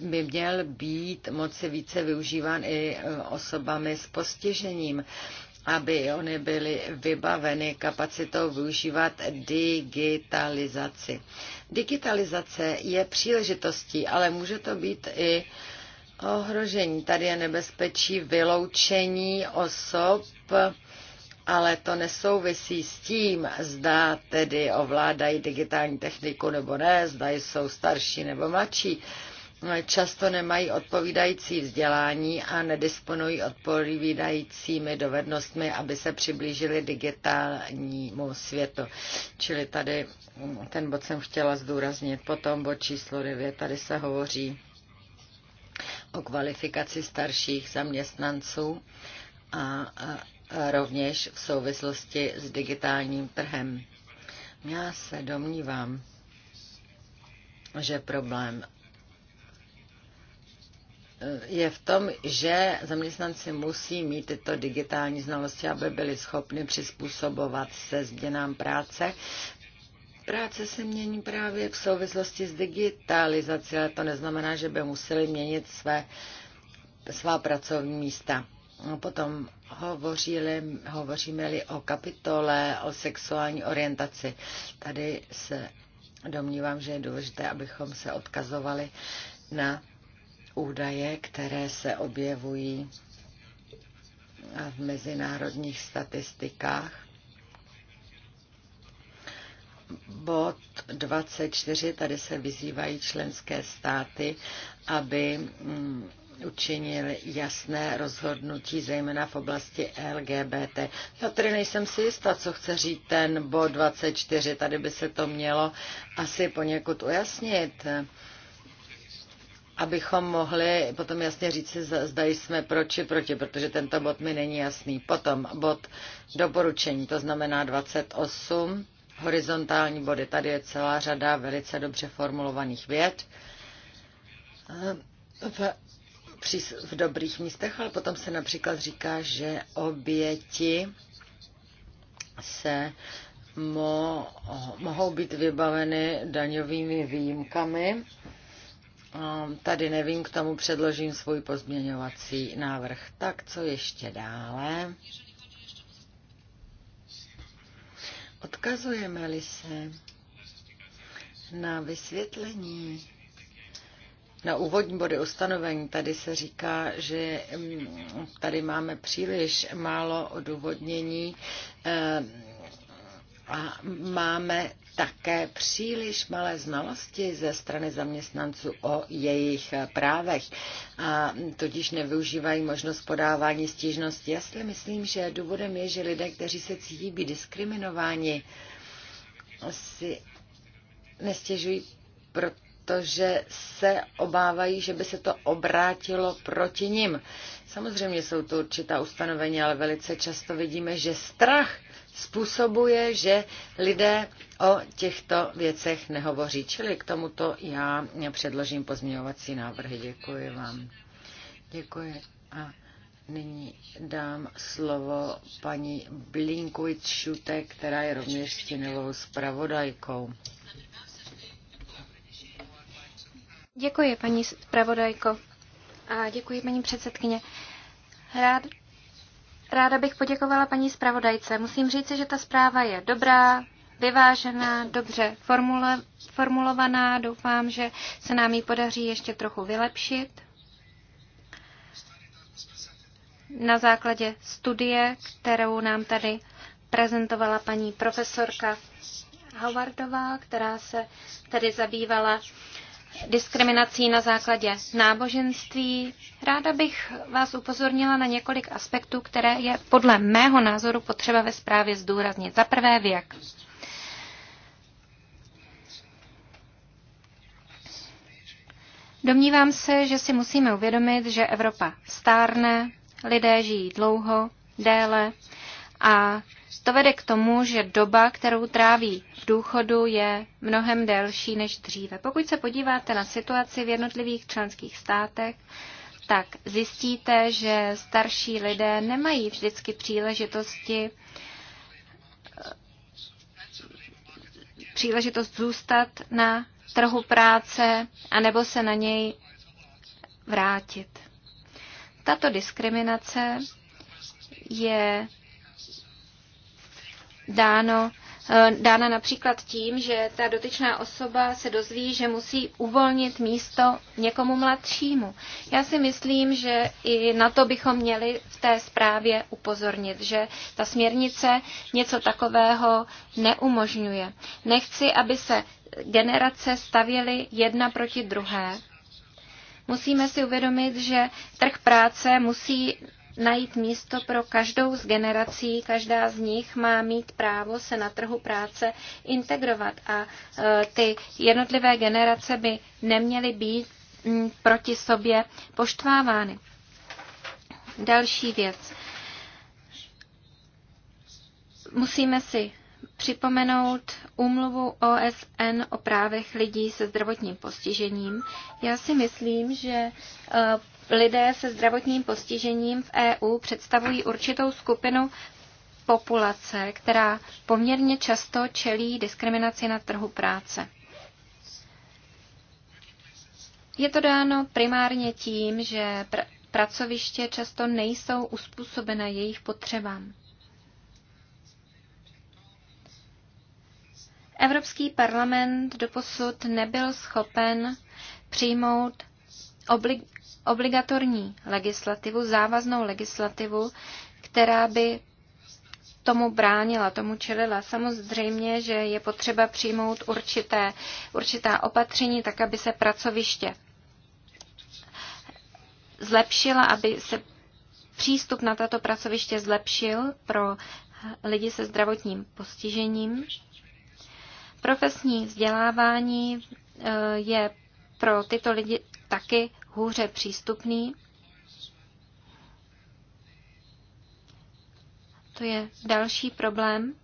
by měl být moci více využíván i e, osobami s postižením aby oni byly vybaveny kapacitou využívat digitalizaci. Digitalizace je příležitostí, ale může to být i ohrožení. Tady je nebezpečí vyloučení osob, ale to nesouvisí s tím, zda tedy ovládají digitální techniku nebo ne, zda jsou starší nebo mladší často nemají odpovídající vzdělání a nedisponují odpovídajícími dovednostmi, aby se přiblížili digitálnímu světu. Čili tady ten bod jsem chtěla zdůraznit. Potom bod číslo 9, tady se hovoří o kvalifikaci starších zaměstnanců a rovněž v souvislosti s digitálním trhem. Já se domnívám, že problém je v tom, že zaměstnanci musí mít tyto digitální znalosti, aby byli schopni přizpůsobovat se změnám práce. Práce se mění právě v souvislosti s digitalizací, ale to neznamená, že by museli měnit své, svá pracovní místa. Potom hovořili, hovoříme-li o kapitole, o sexuální orientaci. Tady se domnívám, že je důležité, abychom se odkazovali na údaje, které se objevují v mezinárodních statistikách. Bod 24, tady se vyzývají členské státy, aby mm, učinil jasné rozhodnutí, zejména v oblasti LGBT. Já tady nejsem si jistá, co chce říct ten bod 24. Tady by se to mělo asi poněkud ujasnit abychom mohli potom jasně říct, zda jsme pro či proti, protože tento bod mi není jasný. Potom bod doporučení, to znamená 28, horizontální body. Tady je celá řada velice dobře formulovaných věd eh, v, v dobrých místech, ale potom se například říká, že oběti se mo, mohou být vybaveny daňovými výjimkami Ehm, tady nevím, k tomu předložím svůj pozměňovací návrh. Tak co ještě dále? Odkazujeme-li se na vysvětlení, na úvodní body ustanovení, tady se říká, že mm, tady máme příliš málo odůvodnění ehm, a máme také příliš malé znalosti ze strany zaměstnanců o jejich právech a tudíž nevyužívají možnost podávání stížnosti. Já si myslím, že důvodem je, že lidé, kteří se cítí být diskriminováni, si nestěžují, protože se obávají, že by se to obrátilo proti nim. Samozřejmě jsou to určitá ustanovení, ale velice často vidíme, že strach způsobuje, že lidé o těchto věcech nehovoří. Čili k tomuto já předložím pozměňovací návrhy. Děkuji vám. Děkuji. A nyní dám slovo paní Blinkovič Šute, která je rovněž stěnovou zpravodajkou. Děkuji, paní zpravodajko. A děkuji, paní předsedkyně. Rád, ráda bych poděkovala paní zpravodajce. Musím říct, že ta zpráva je dobrá, vyvážená, dobře formule, formulovaná. Doufám, že se nám ji podaří ještě trochu vylepšit. Na základě studie, kterou nám tady prezentovala paní profesorka Howardová, která se tedy zabývala diskriminací na základě náboženství. Ráda bych vás upozornila na několik aspektů, které je podle mého názoru potřeba ve zprávě zdůraznit. Za prvé věk. Domnívám se, že si musíme uvědomit, že Evropa stárne, lidé žijí dlouho, déle a to vede k tomu, že doba, kterou tráví v důchodu, je mnohem delší než dříve. Pokud se podíváte na situaci v jednotlivých členských státech, tak zjistíte, že starší lidé nemají vždycky příležitosti příležitost zůstat na trhu práce, anebo se na něj vrátit. Tato diskriminace je dáno, eh, dána například tím, že ta dotyčná osoba se dozví, že musí uvolnit místo někomu mladšímu. Já si myslím, že i na to bychom měli v té zprávě upozornit, že ta směrnice něco takového neumožňuje. Nechci, aby se generace stavěly jedna proti druhé. Musíme si uvědomit, že trh práce musí najít místo pro každou z generací, každá z nich má mít právo se na trhu práce integrovat a e, ty jednotlivé generace by neměly být mm, proti sobě poštvávány. Další věc. Musíme si připomenout úmluvu OSN o právech lidí se zdravotním postižením. Já si myslím, že eh, lidé se zdravotním postižením v EU představují určitou skupinu populace, která poměrně často čelí diskriminaci na trhu práce. Je to dáno primárně tím, že pr- pracoviště často nejsou uspůsobena jejich potřebám. Evropský parlament doposud nebyl schopen přijmout oblig, obligatorní legislativu, závaznou legislativu, která by tomu bránila, tomu čelila. Samozřejmě, že je potřeba přijmout určité, určitá opatření, tak aby se pracoviště zlepšila, aby se přístup na tato pracoviště zlepšil pro lidi se zdravotním postižením. Profesní vzdělávání eh, je pro tyto lidi taky hůře přístupný. To je další problém.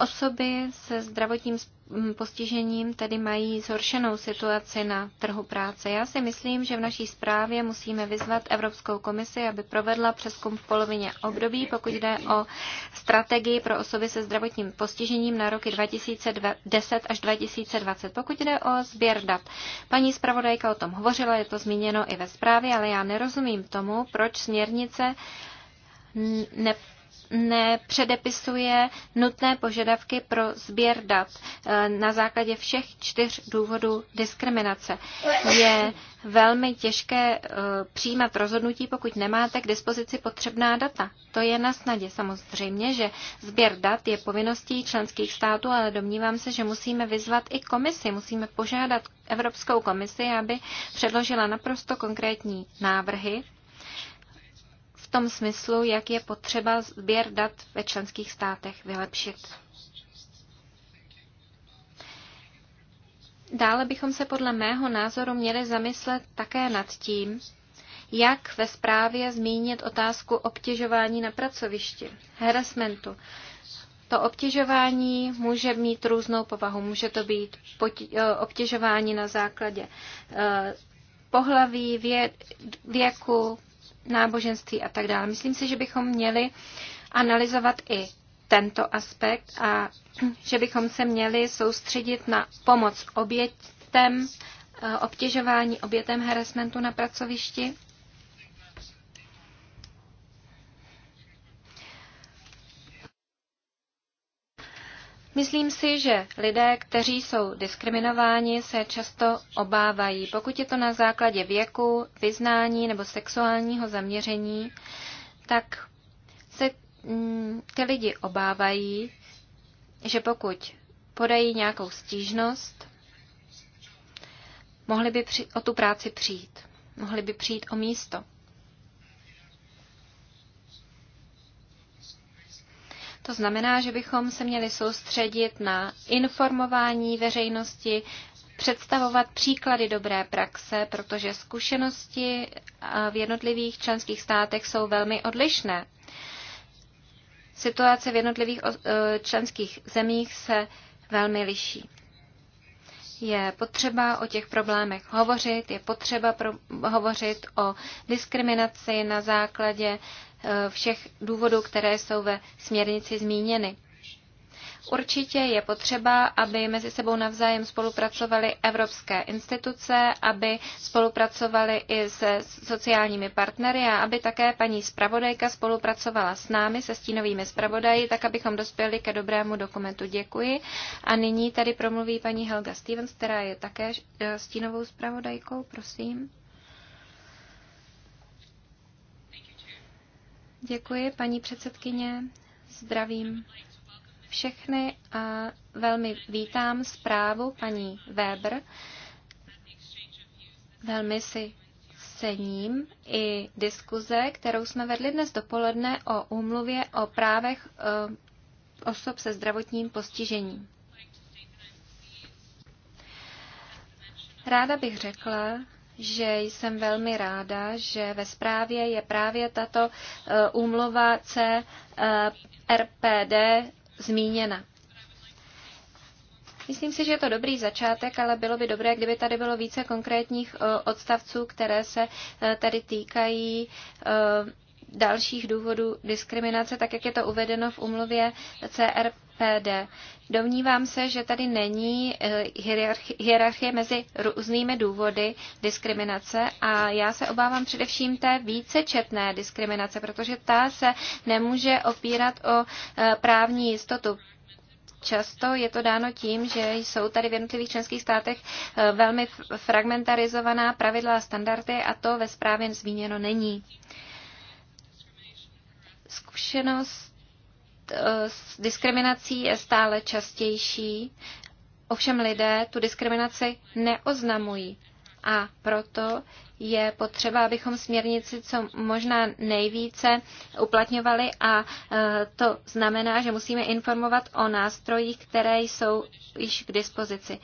Osoby se zdravotním Mm, postižením tedy mají zhoršenou situaci na trhu práce. Já si myslím, že v naší zprávě musíme vyzvat Evropskou komisi, aby provedla přeskum v polovině období, pokud jde o strategii pro osoby se zdravotním postižením na roky 2010 až 2020. Pokud jde o sběr dat, paní zpravodajka o tom hovořila, je to zmíněno i ve zprávě, ale já nerozumím tomu, proč směrnice ne nepředepisuje nutné požadavky pro sběr dat eh, na základě všech čtyř důvodů diskriminace. Je velmi těžké eh, přijímat rozhodnutí, pokud nemáte k dispozici potřebná data. To je na snadě samozřejmě, že sběr dat je povinností členských států, ale domnívám se, že musíme vyzvat i komisi, musíme požádat Evropskou komisi, aby předložila naprosto konkrétní návrhy tom smyslu, jak je potřeba sběr dat ve členských státech vylepšit. Dále bychom se podle mého názoru měli zamyslet také nad tím, jak ve zprávě zmínit otázku obtěžování na pracovišti, harassmentu. To obtěžování může mít různou povahu. Může to být eh, obtěžování na základě eh, pohlaví, věku, náboženství a tak dále. Myslím si, že bychom měli analyzovat i tento aspekt a že bychom se měli soustředit na pomoc obětem, eh, obtěžování obětem harassmentu na pracovišti Myslím si, že lidé, kteří jsou diskriminováni, se často obávají, pokud je to na základě věku, vyznání nebo sexuálního zaměření, tak se mm, ty lidi obávají, že pokud podají nějakou stížnost, mohli by o tu práci přijít, mohli by přijít o místo. To znamená, že bychom se měli soustředit na informování veřejnosti, představovat příklady dobré praxe, protože zkušenosti v jednotlivých členských státech jsou velmi odlišné. Situace v jednotlivých e, členských zemích se velmi liší. Je potřeba o těch problémech hovořit, je potřeba pro, hovořit o diskriminaci na základě Eh, všech důvodů, které jsou ve směrnici zmíněny. Určitě je potřeba, aby mezi sebou navzájem spolupracovaly evropské instituce, aby spolupracovaly i se sociálními partnery a aby také paní zpravodajka spolupracovala s námi, se stínovými zpravodaji, tak abychom dospěli ke dobrému dokumentu. Děkuji. A nyní tady promluví paní Helga Stevens, která je také eh, stínovou zpravodajkou. Prosím. Děkuji, paní předsedkyně. Zdravím všechny a velmi vítám zprávu paní Weber. Velmi si cením i diskuze, kterou jsme vedli dnes dopoledne o úmluvě o právech eh, osob se zdravotním postižením. Ráda bych řekla, že jsem velmi ráda, že ve zprávě je právě tato e, úmluva CRPD e, zmíněna. Myslím si, že je to dobrý začátek, ale bylo by dobré, kdyby tady bylo více konkrétních e, odstavců, které se tady týkají dalších důvodů diskriminace, tak jak je to uvedeno v umluvě CRPD. Domnívám se, že tady není eh, hierarchie mezi různými důvody diskriminace a já se obávám především té vícečetné diskriminace, protože ta se nemůže opírat o eh, právní jistotu. Často je to dáno tím, že jsou tady v jednotlivých členských státech eh, velmi fragmentarizovaná pravidla a standardy a to ve správě zmíněno není. Zkušenost eh, s diskriminací je stále častější, ovšem lidé tu diskriminaci neoznamují a proto je potřeba, abychom směrnici co možná nejvíce uplatňovali a eh, to znamená, že musíme informovat o nástrojích, které jsou již k dispozici.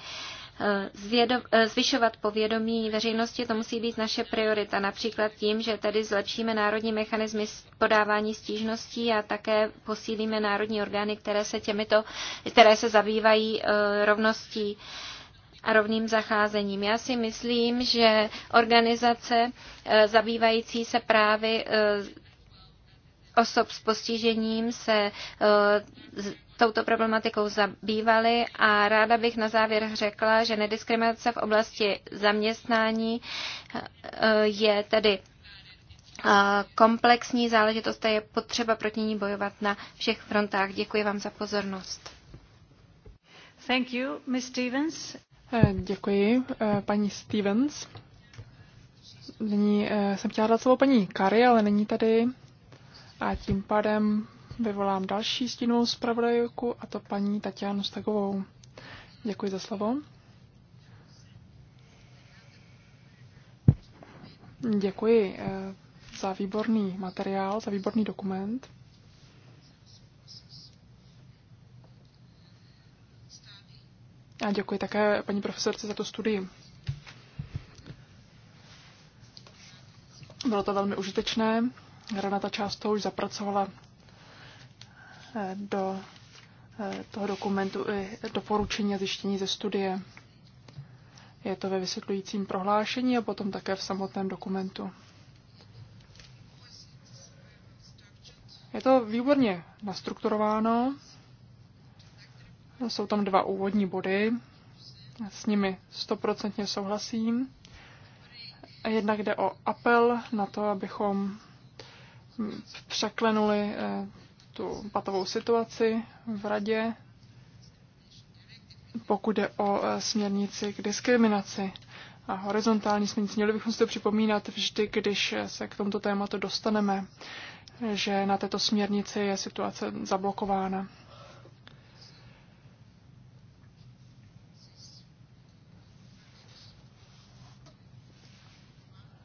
Eh, zvyšovat povědomí veřejnosti, to musí být naše priorita, například tím, že tedy zlepšíme národní mechanismy podávání stížností a také posílíme národní orgány, které se, těmito, které se zabývají eh, rovností a rovným zacházením. Já si myslím, že organizace eh, zabývající se právě osob s postižením se eh, touto problematikou zabývaly a ráda bych na závěr řekla, že nediskriminace v oblasti zaměstnání eh, je tedy eh, komplexní záležitost a je potřeba proti ní bojovat na všech frontách. Děkuji vám za pozornost. Thank you, Ms. Stevens. Děkuji, paní Stevens. Nyní jsem chtěla dát slovo paní Kary, ale není tady. A tím pádem vyvolám další stínovou zpravodajku, a to paní Tatianu Stagovou. Děkuji za slovo. Děkuji eh, za výborný materiál, za výborný dokument. A děkuji také paní profesorce za tu studii. Bylo to velmi užitečné Renata část toho už zapracovala eh, do eh, toho dokumentu i doporučení a zjištění ze studie. Je to ve vysvětlujícím prohlášení a potom také v samotném dokumentu. Je to výborně nastrukturováno. Jsou tam dva úvodní body. S nimi stoprocentně souhlasím. Jednak jde o apel na to, abychom překlenuli eh, tu patovou situaci v radě, pokud jde o eh, směrnici k diskriminaci a horizontální směrnici. Měli bychom si to připomínat vždy, když eh, se k tomuto tématu dostaneme, že na této směrnici je situace zablokována.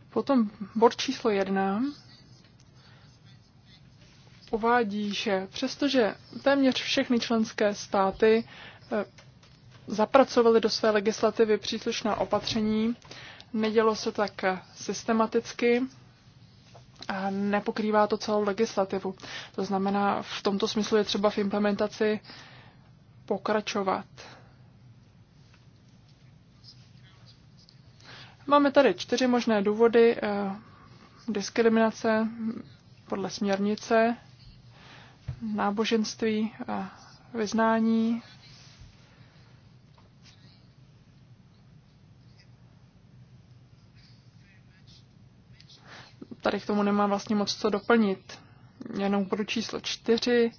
Potom bod číslo jedna uvádí, že přestože téměř všechny členské státy eh, zapracovaly do své legislativy příslušná opatření, nedělo se tak systematicky a nepokrývá to celou legislativu. To znamená, v tomto smyslu je třeba v implementaci pokračovat. Máme tady čtyři možné důvody eh, diskriminace podle směrnice náboženství a vyznání. Tady k tomu nemám vlastně moc co doplnit. Jenom bodu číslo čtyři.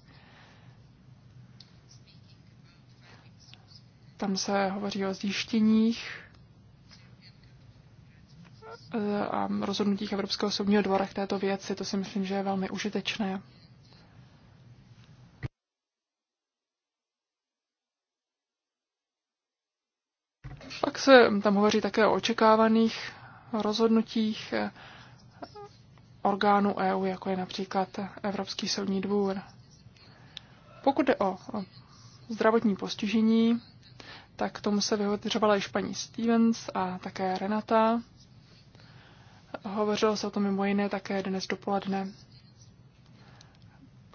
Tam se hovoří o zjištěních a rozhodnutích Evropského soudního dvora k této věci. To si myslím, že je velmi užitečné. se tam hovoří také o očekávaných rozhodnutích orgánů EU, jako je například Evropský soudní dvůr. Pokud jde o zdravotní postižení, tak k tomu se vyhodřovala i paní Stevens a také Renata. Hovořilo se o tom mimo jiné také dnes dopoledne.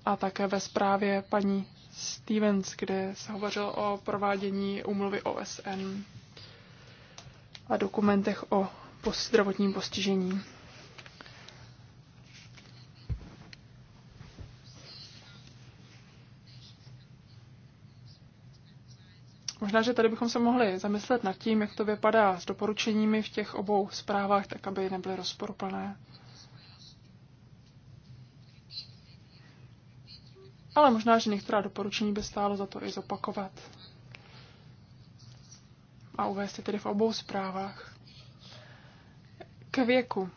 A také ve zprávě paní Stevens, kde se hovořilo o provádění úmluvy OSN a dokumentech o zdravotním postižení. Možná, že tady bychom se mohli zamyslet nad tím, jak to vypadá s doporučeními v těch obou zprávách, tak aby nebyly rozporuplné. Ale možná, že některá doporučení by stálo za to i zopakovat a uvést je tedy v obou zprávách. K věku.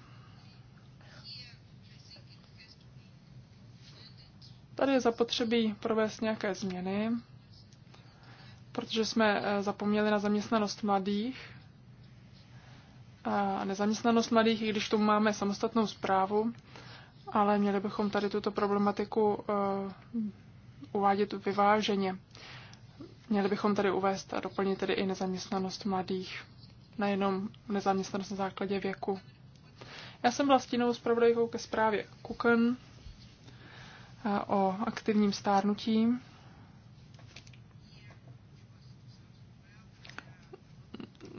Tady je zapotřebí provést nějaké změny, protože jsme eh, zapomněli na zaměstnanost mladých. A nezaměstnanost mladých, i když tu máme samostatnou zprávu, ale měli bychom tady tuto problematiku eh, uvádět vyváženě. Měli bychom tady uvést a doplnit tedy i nezaměstnanost mladých, nejenom nezaměstnanost na základě věku. Já jsem byla stínovou zpravodajkou ke zprávě Kuken eh, o aktivním stárnutí.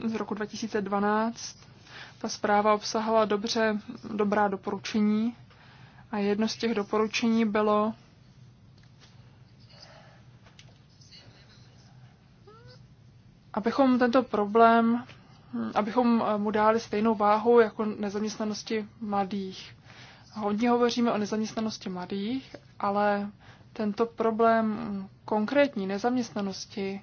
Z roku 2012 ta zpráva obsahala dobře dobrá doporučení a jedno z těch doporučení bylo abychom tento problém, abychom mu dali stejnou váhu jako nezaměstnanosti mladých. Hodně hovoříme o nezaměstnanosti mladých, ale tento problém konkrétní nezaměstnanosti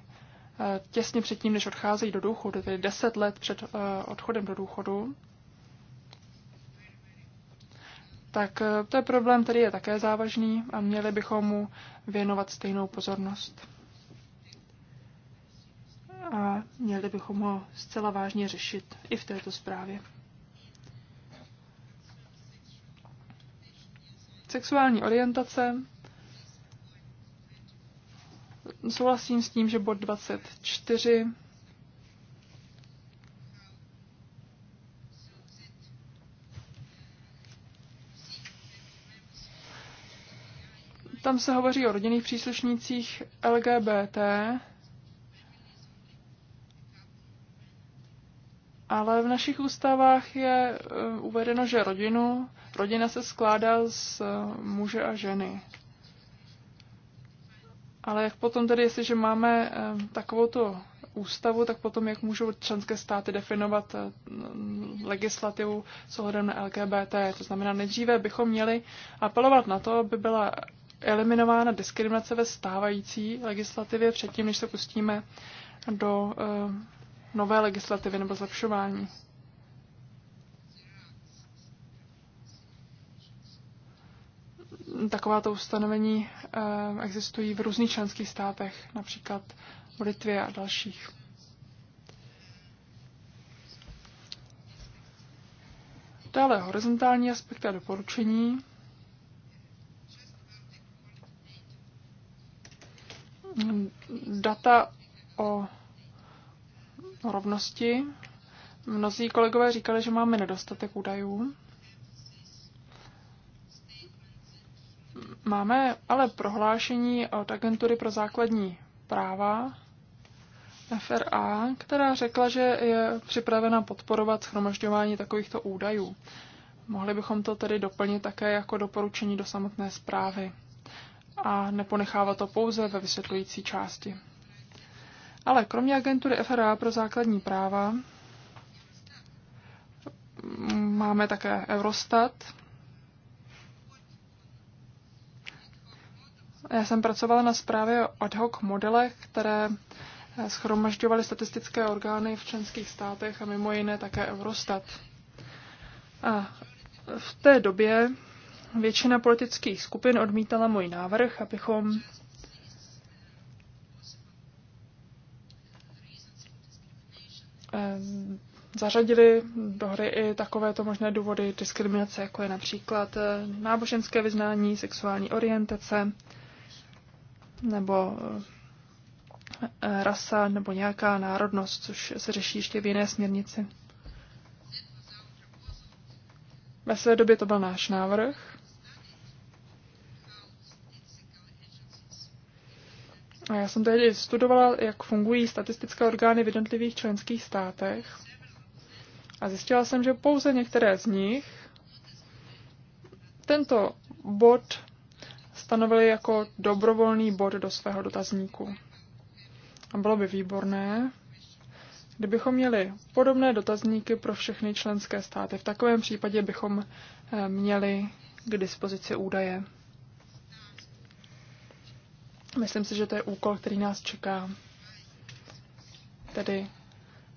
eh, těsně předtím, než odcházejí do důchodu, tedy 10 let před eh, odchodem do důchodu, tak eh, to je problém, který je také závažný a měli bychom mu věnovat stejnou pozornost a měli bychom ho zcela vážně řešit i v této zprávě. Sexuální orientace. Souhlasím s tím, že bod 24 Tam se hovoří o rodinných příslušnících LGBT, Ale v našich ústavách je eh, uvedeno, že rodinu, rodina se skládá z eh, muže a ženy. Ale jak potom tedy, jestliže máme eh, tu ústavu, tak potom jak můžou členské státy definovat legislativu s ohledem na LGBT. To znamená, nejdříve bychom měli apelovat na to, aby byla eliminována diskriminace ve stávající legislativě předtím, než se pustíme do nové legislativy nebo zlepšování. Takováto ustanovení eh, existují v různých členských státech, například v Litvě a dalších. Dále horizontální aspekty a doporučení. Data o rovnosti. Mnozí kolegové říkali, že máme nedostatek údajů. Máme ale prohlášení od Agentury pro základní práva FRA, která řekla, že je připravena podporovat schromažďování takovýchto údajů. Mohli bychom to tedy doplnit také jako doporučení do samotné zprávy a neponechávat to pouze ve vysvětlující části. Ale kromě agentury FRA pro základní práva máme také Eurostat. Já jsem pracovala na zprávě o ad hoc modelech, které schromažďovaly statistické orgány v členských státech a mimo jiné také Eurostat. A v té době většina politických skupin odmítala můj návrh, abychom zařadili do hry i takovéto možné důvody diskriminace, jako je například eh, náboženské vyznání, sexuální orientace nebo eh, eh, rasa nebo nějaká národnost, což se řeší ještě v jiné směrnici. Ve své době to byl náš návrh A já jsem tedy studovala, jak fungují statistické orgány v jednotlivých členských státech a zjistila jsem, že pouze některé z nich tento bod stanovili jako dobrovolný bod do svého dotazníku. A bylo by výborné, kdybychom měli podobné dotazníky pro všechny členské státy. V takovém případě bychom eh, měli k dispozici údaje. Myslím si, že to je úkol, který nás čeká. Tedy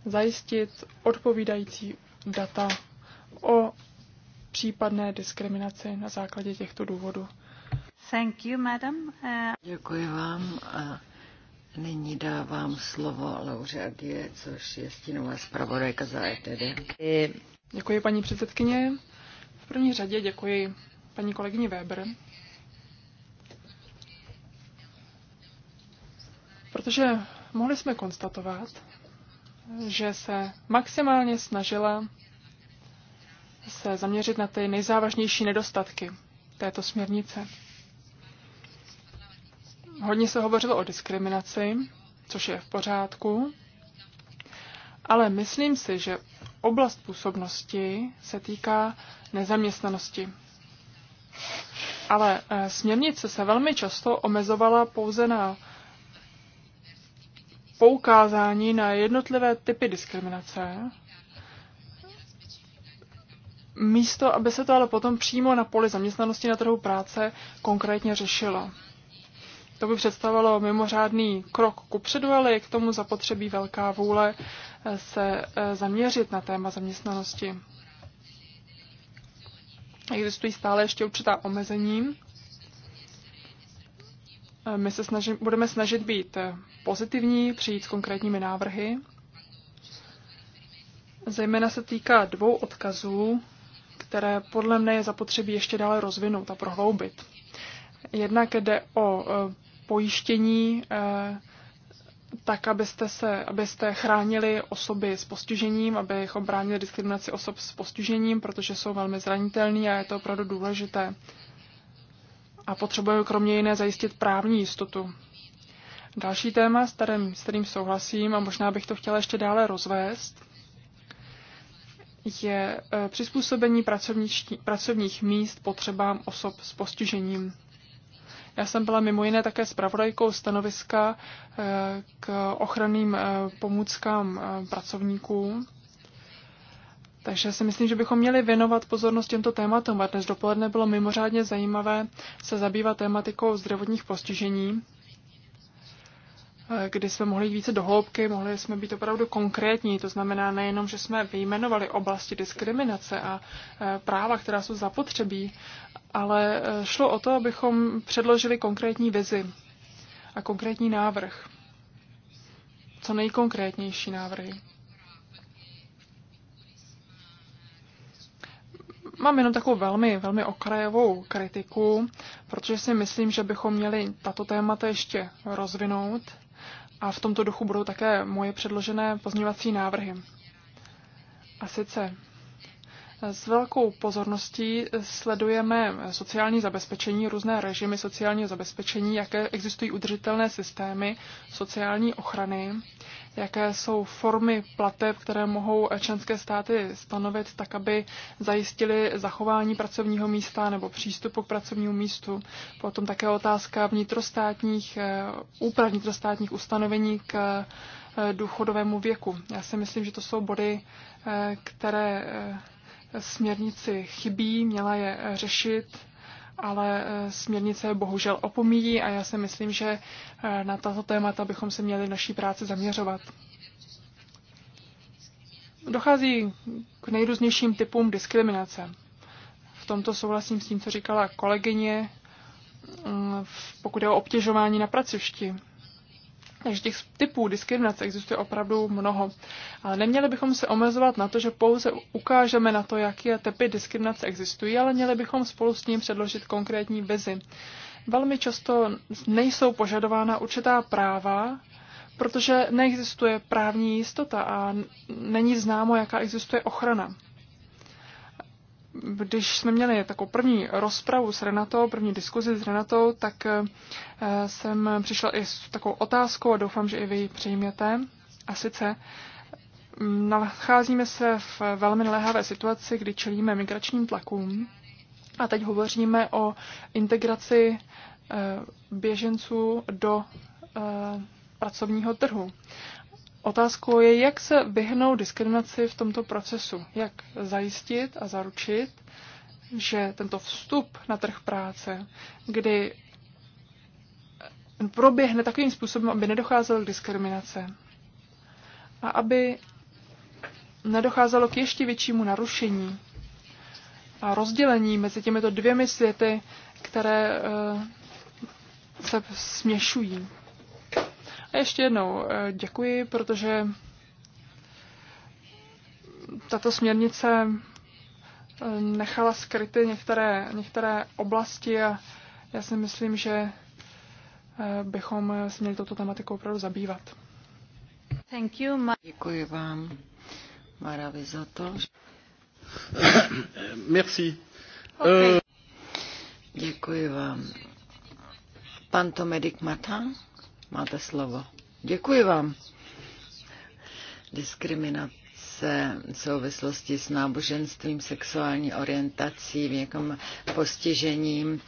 zajistit odpovídající data o případné diskriminaci na základě těchto důvodů. Thank you, madam. Eh, děkuji vám. A nyní dávám slovo Lauře Agie, což je stínová zpravodajka za ETD. Eh, děkuji, paní předsedkyně. V první řadě děkuji paní kolegyni Weber protože mohli jsme konstatovat, že se maximálně snažila se zaměřit na ty nejzávažnější nedostatky této směrnice. Hodně se hovořilo o diskriminaci, což je v pořádku, ale myslím si, že oblast působnosti se týká nezaměstnanosti. Ale eh, směrnice se velmi často omezovala pouze na poukázání na jednotlivé typy diskriminace, místo, aby se to ale potom přímo na poli zaměstnanosti na trhu práce konkrétně řešilo. To by představovalo mimořádný krok kupředu, ale je k tomu zapotřebí velká vůle eh, se eh, zaměřit na téma zaměstnanosti. Existují stále ještě určitá omezení. Eh, my se snažím, budeme snažit být pozitivní, přijít s konkrétními návrhy. Zejména se týká dvou odkazů, které podle mne je zapotřebí ještě dále rozvinout a prohloubit. Jednak jde o e, pojištění e, tak, abyste, se, abyste chránili osoby s postižením, aby bránili diskriminaci osob s postižením, protože jsou velmi zranitelní a je to opravdu důležité. A potřebujeme kromě jiné zajistit právní jistotu Další téma, s kterým, s kterým souhlasím a možná bych to chtěla ještě dále rozvést, je e, přizpůsobení pracovních míst potřebám osob s postižením. Já jsem byla mimo jiné také zpravodajkou stanoviska e, k ochranným e, pomůckám pracovníků. Takže si myslím, že bychom měli věnovat pozornost těmto tématům. A dnes dopoledne bylo mimořádně zajímavé se zabývat tématikou zdravotních postižení. Eh, kdy jsme mohli jít více do hloubky, mohli jsme být opravdu konkrétní. To znamená nejenom, že jsme vyjmenovali oblasti diskriminace a eh, práva, která jsou zapotřebí, ale eh, šlo o to, abychom předložili konkrétní vizi a konkrétní návrh. Co nejkonkrétnější návrhy. mám jenom takovou velmi, velmi okrajovou kritiku, protože si myslím, že bychom měli tato témata ještě rozvinout. A v tomto duchu budou také moje předložené pozměňovací návrhy. A sice s velkou pozorností sledujeme sociální zabezpečení, různé režimy sociálního zabezpečení, jaké existují udržitelné systémy sociální ochrany, jaké jsou formy plateb, které mohou členské státy stanovit tak, aby zajistili zachování pracovního místa nebo přístupu k pracovnímu místu. Potom také otázka vnitrostátních eh, úprav vnitrostátních ustanovení k eh, důchodovému věku. Já si myslím, že to jsou body, eh, které směrnici chybí, měla je řešit, ale eh, směrnice bohužel opomíjí a já si myslím, že eh, na tato témata bychom se měli naší práci zaměřovat. Dochází k nejrůznějším typům diskriminace. V tomto souhlasím s tím, co říkala kolegyně, mm, pokud je o obtěžování na pracovišti. Takže těch typů diskriminace existuje opravdu mnoho. Ale neměli bychom se omezovat na to, že pouze ukážeme na to, jaké typy diskriminace existují, ale měli bychom spolu s ním předložit konkrétní vizi. Velmi často nejsou požadována určitá práva, protože neexistuje právní jistota a není známo, jaká existuje ochrana když jsme měli takovou první rozpravu s Renatou, první diskuzi s Renatou, tak eh, jsem přišla i s takovou otázkou a doufám, že i vy ji přijměte. A sice mm, nacházíme se v velmi naléhavé situaci, kdy čelíme migračním tlakům. A teď hovoříme o integraci eh, běženců do eh, pracovního trhu. Otázkou je, jak se vyhnout diskriminaci v tomto procesu, jak zajistit a zaručit, že tento vstup na trh práce, kdy proběhne takovým způsobem, aby nedocházelo k diskriminace a aby nedocházelo k ještě většímu narušení a rozdělení mezi těmito dvěmi světy, které eh, se směšují. A ještě jednou eh, děkuji, protože tato směrnice eh, nechala skryty některé, některé oblasti a já si myslím, že eh, bychom se měli toto tematikou opravdu zabývat. Thank you, Ma- Děkuji vám, za to. Merci. Okay. Děkuji vám. Pan Tomedik Matan. Máte slovo. Děkuji vám. Diskriminace v souvislosti s náboženstvím, sexuální orientací, věkom postižením.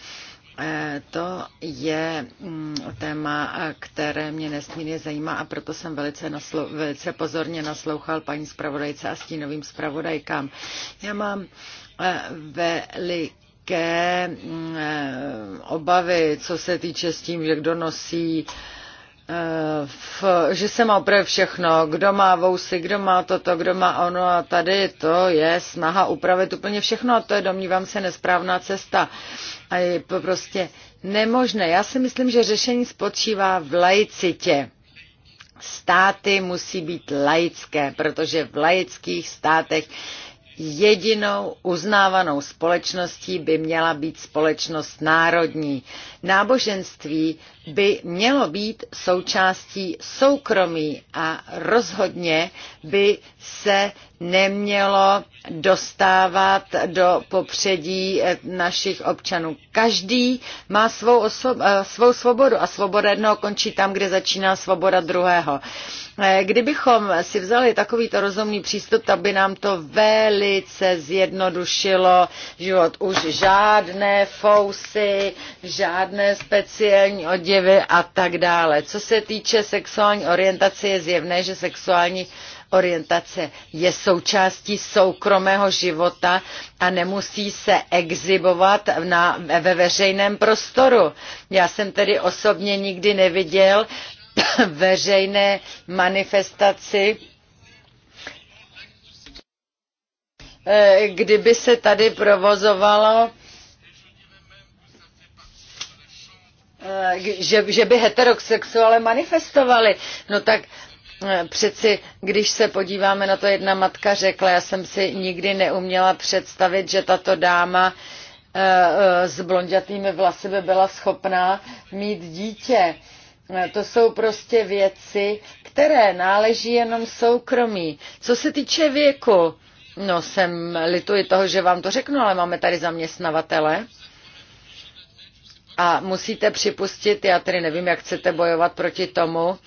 Eh, to je mm, téma, které mě nesmírně zajímá a proto jsem velice, naslou, velice pozorně naslouchal paní zpravodajce a stínovým zpravodajkám. Já mám eh, veliké mm, eh, obavy, co se týče s tím, že kdo nosí Eh, v, že se má opravdu všechno, kdo má vousy, kdo má toto, kdo má ono a tady to je snaha upravit úplně všechno a to je, domnívám se, nesprávná cesta. A je to prostě nemožné. Já si myslím, že řešení spočívá v laicitě. Státy musí být laické, protože v laických státech jedinou uznávanou společností by měla být společnost národní. Náboženství by mělo být součástí soukromí a rozhodně by se nemělo dostávat do popředí eh, našich občanů. Každý má svou, eh, svou svobodu a svoboda jednoho končí tam, kde začíná svoboda druhého. Eh, kdybychom si vzali takovýto rozumný přístup, tak by nám to velice zjednodušilo život. Už žádné fousy, žádné speciální oděvy a tak dále. Co se týče sexuální orientace, je zjevné, že sexuální orientace je součástí soukromého života a nemusí se exibovat na, ve veřejném prostoru. Já jsem tedy osobně nikdy neviděl veřejné manifestaci eh, kdyby se tady provozovalo, eh, že, že by heterosexuále manifestovali. No tak eh, přeci, když se podíváme na to, jedna matka řekla, já jsem si nikdy neuměla představit, že tato dáma s blondětými vlasy by byla schopná mít dítě. Eh, to jsou prostě věci, které náleží jenom soukromí. Co se týče věku, no jsem lituji toho, že vám to řeknu, ale máme tady zaměstnavatele. A musíte připustit, já tedy nevím, jak chcete bojovat proti tomu,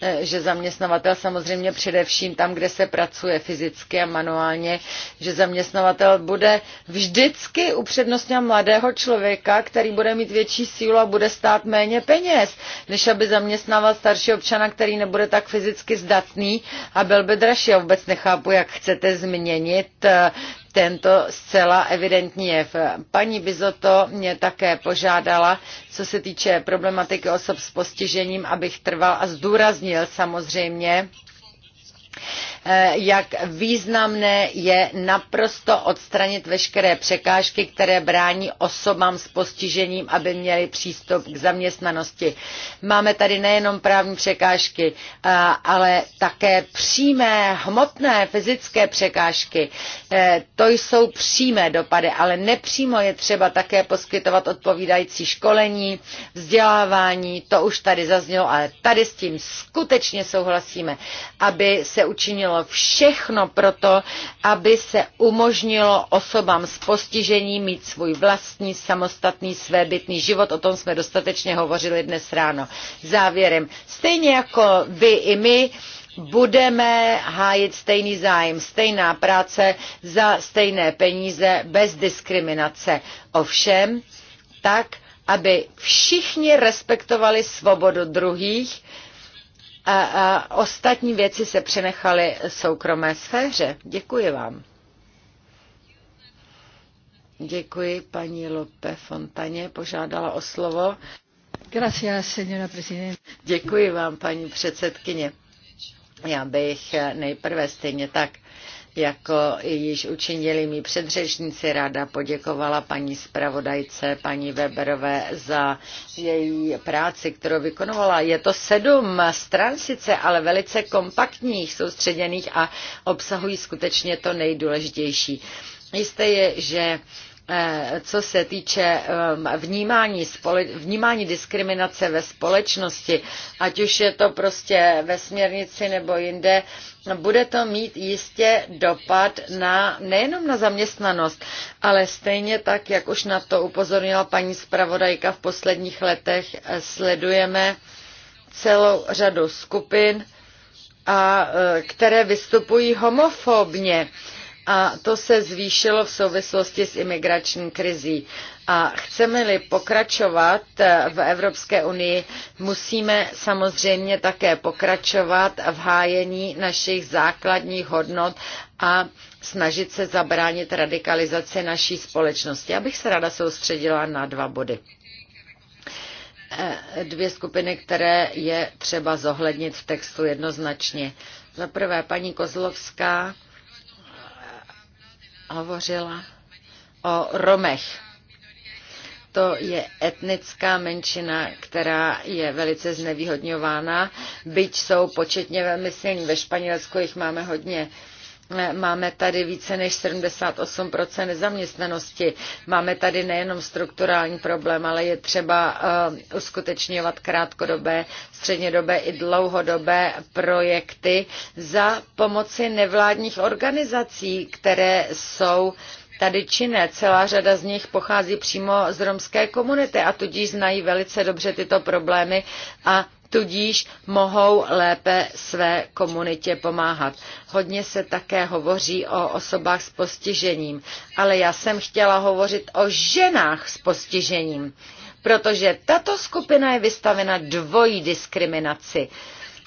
Eh, že zaměstnavatel samozřejmě především tam, kde se pracuje fyzicky a manuálně, že zaměstnavatel bude vždycky upřednostňovat mladého člověka, který bude mít větší sílu a bude stát méně peněz, než aby zaměstnával starší občana, který nebude tak fyzicky zdatný a byl by dražší. Já vůbec nechápu, jak chcete změnit eh, tento zcela evidentní jev. Paní Bizoto mě také požádala, co se týče problematiky osob s postižením, abych trval a zdůraznil samozřejmě, Eh, jak významné je naprosto odstranit veškeré překážky, které brání osobám s postižením, aby měli přístup k zaměstnanosti. Máme tady nejenom právní překážky, eh, ale také přímé, hmotné, fyzické překážky. Eh, to jsou přímé dopady, ale nepřímo je třeba také poskytovat odpovídající školení, vzdělávání, to už tady zaznělo, ale tady s tím skutečně souhlasíme, aby se učinilo udělalo všechno proto, aby se umožnilo osobám s postižením mít svůj vlastní samostatný svébytný život. O tom jsme dostatečně hovořili dnes ráno. Závěrem, stejně jako vy i my, budeme hájit stejný zájem, stejná práce za stejné peníze bez diskriminace. Ovšem, tak, aby všichni respektovali svobodu druhých, a, a ostatní věci se přenechaly soukromé sféře. Děkuji vám. Děkuji paní Lope Fontaně, požádala o slovo. Gracias, señora Děkuji vám, paní předsedkyně. Já bych nejprve stejně tak jako již učinili mi předřečníci, ráda poděkovala paní zpravodajce, paní Weberové za její práci, kterou vykonovala. Je to sedm stran sice, ale velice kompaktních, soustředěných a obsahují skutečně to nejdůležitější. Jisté je, že Eh, co se týče vnímání, vnímání diskriminace ve společnosti, ať už je to prostě ve směrnici nebo jinde, bude to mít jistě dopad na nejenom na zaměstnanost, ale stejně tak, jak už na to upozornila paní zpravodajka v posledních letech, eh, sledujeme celou řadu skupin, a, eh, které vystupují homofobně a to se zvýšilo v souvislosti s imigrační krizí. A chceme-li pokračovat v Evropské unii, musíme samozřejmě také pokračovat v hájení našich základních hodnot a snažit se zabránit radikalizaci naší společnosti. Já bych se ráda soustředila na dva body dvě skupiny, které je třeba zohlednit v textu jednoznačně. Za prvé paní Kozlovská hovořila o Romech. To je etnická menšina, která je velice znevýhodňována, byť jsou početně velmi silní. Ve Španělsku jich máme hodně. Máme tady více než 78 nezaměstnanosti. Máme tady nejenom strukturální problém, ale je třeba eh, uskutečňovat krátkodobé, střednědobé i dlouhodobé projekty za pomoci nevládních organizací, které jsou tady činné. Celá řada z nich pochází přímo z romské komunity a tudíž znají velice dobře tyto problémy a tudíž mohou lépe své komunitě pomáhat. Hodně se také hovoří o osobách s postižením, ale já jsem chtěla hovořit o ženách s postižením, protože tato skupina je vystavena dvojí diskriminaci.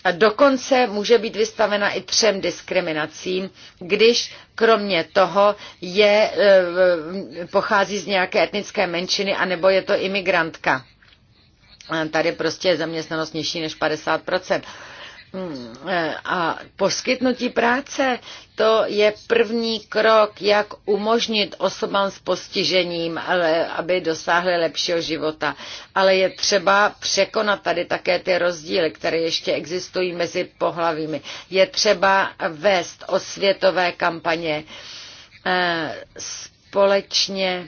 A dokonce může být vystavena i třem diskriminacím, když kromě toho je, eh, pochází z nějaké etnické menšiny anebo je to imigrantka. Eh, tady prostě je zaměstnanost nižší než 50 hmm, eh, a poskytnutí práce, to je první krok, jak umožnit osobám s postižením, aby dosáhly lepšího života. Ale je třeba překonat tady také ty rozdíly, které ještě existují mezi pohlavími. Je třeba vést osvětové kampaně eh, společně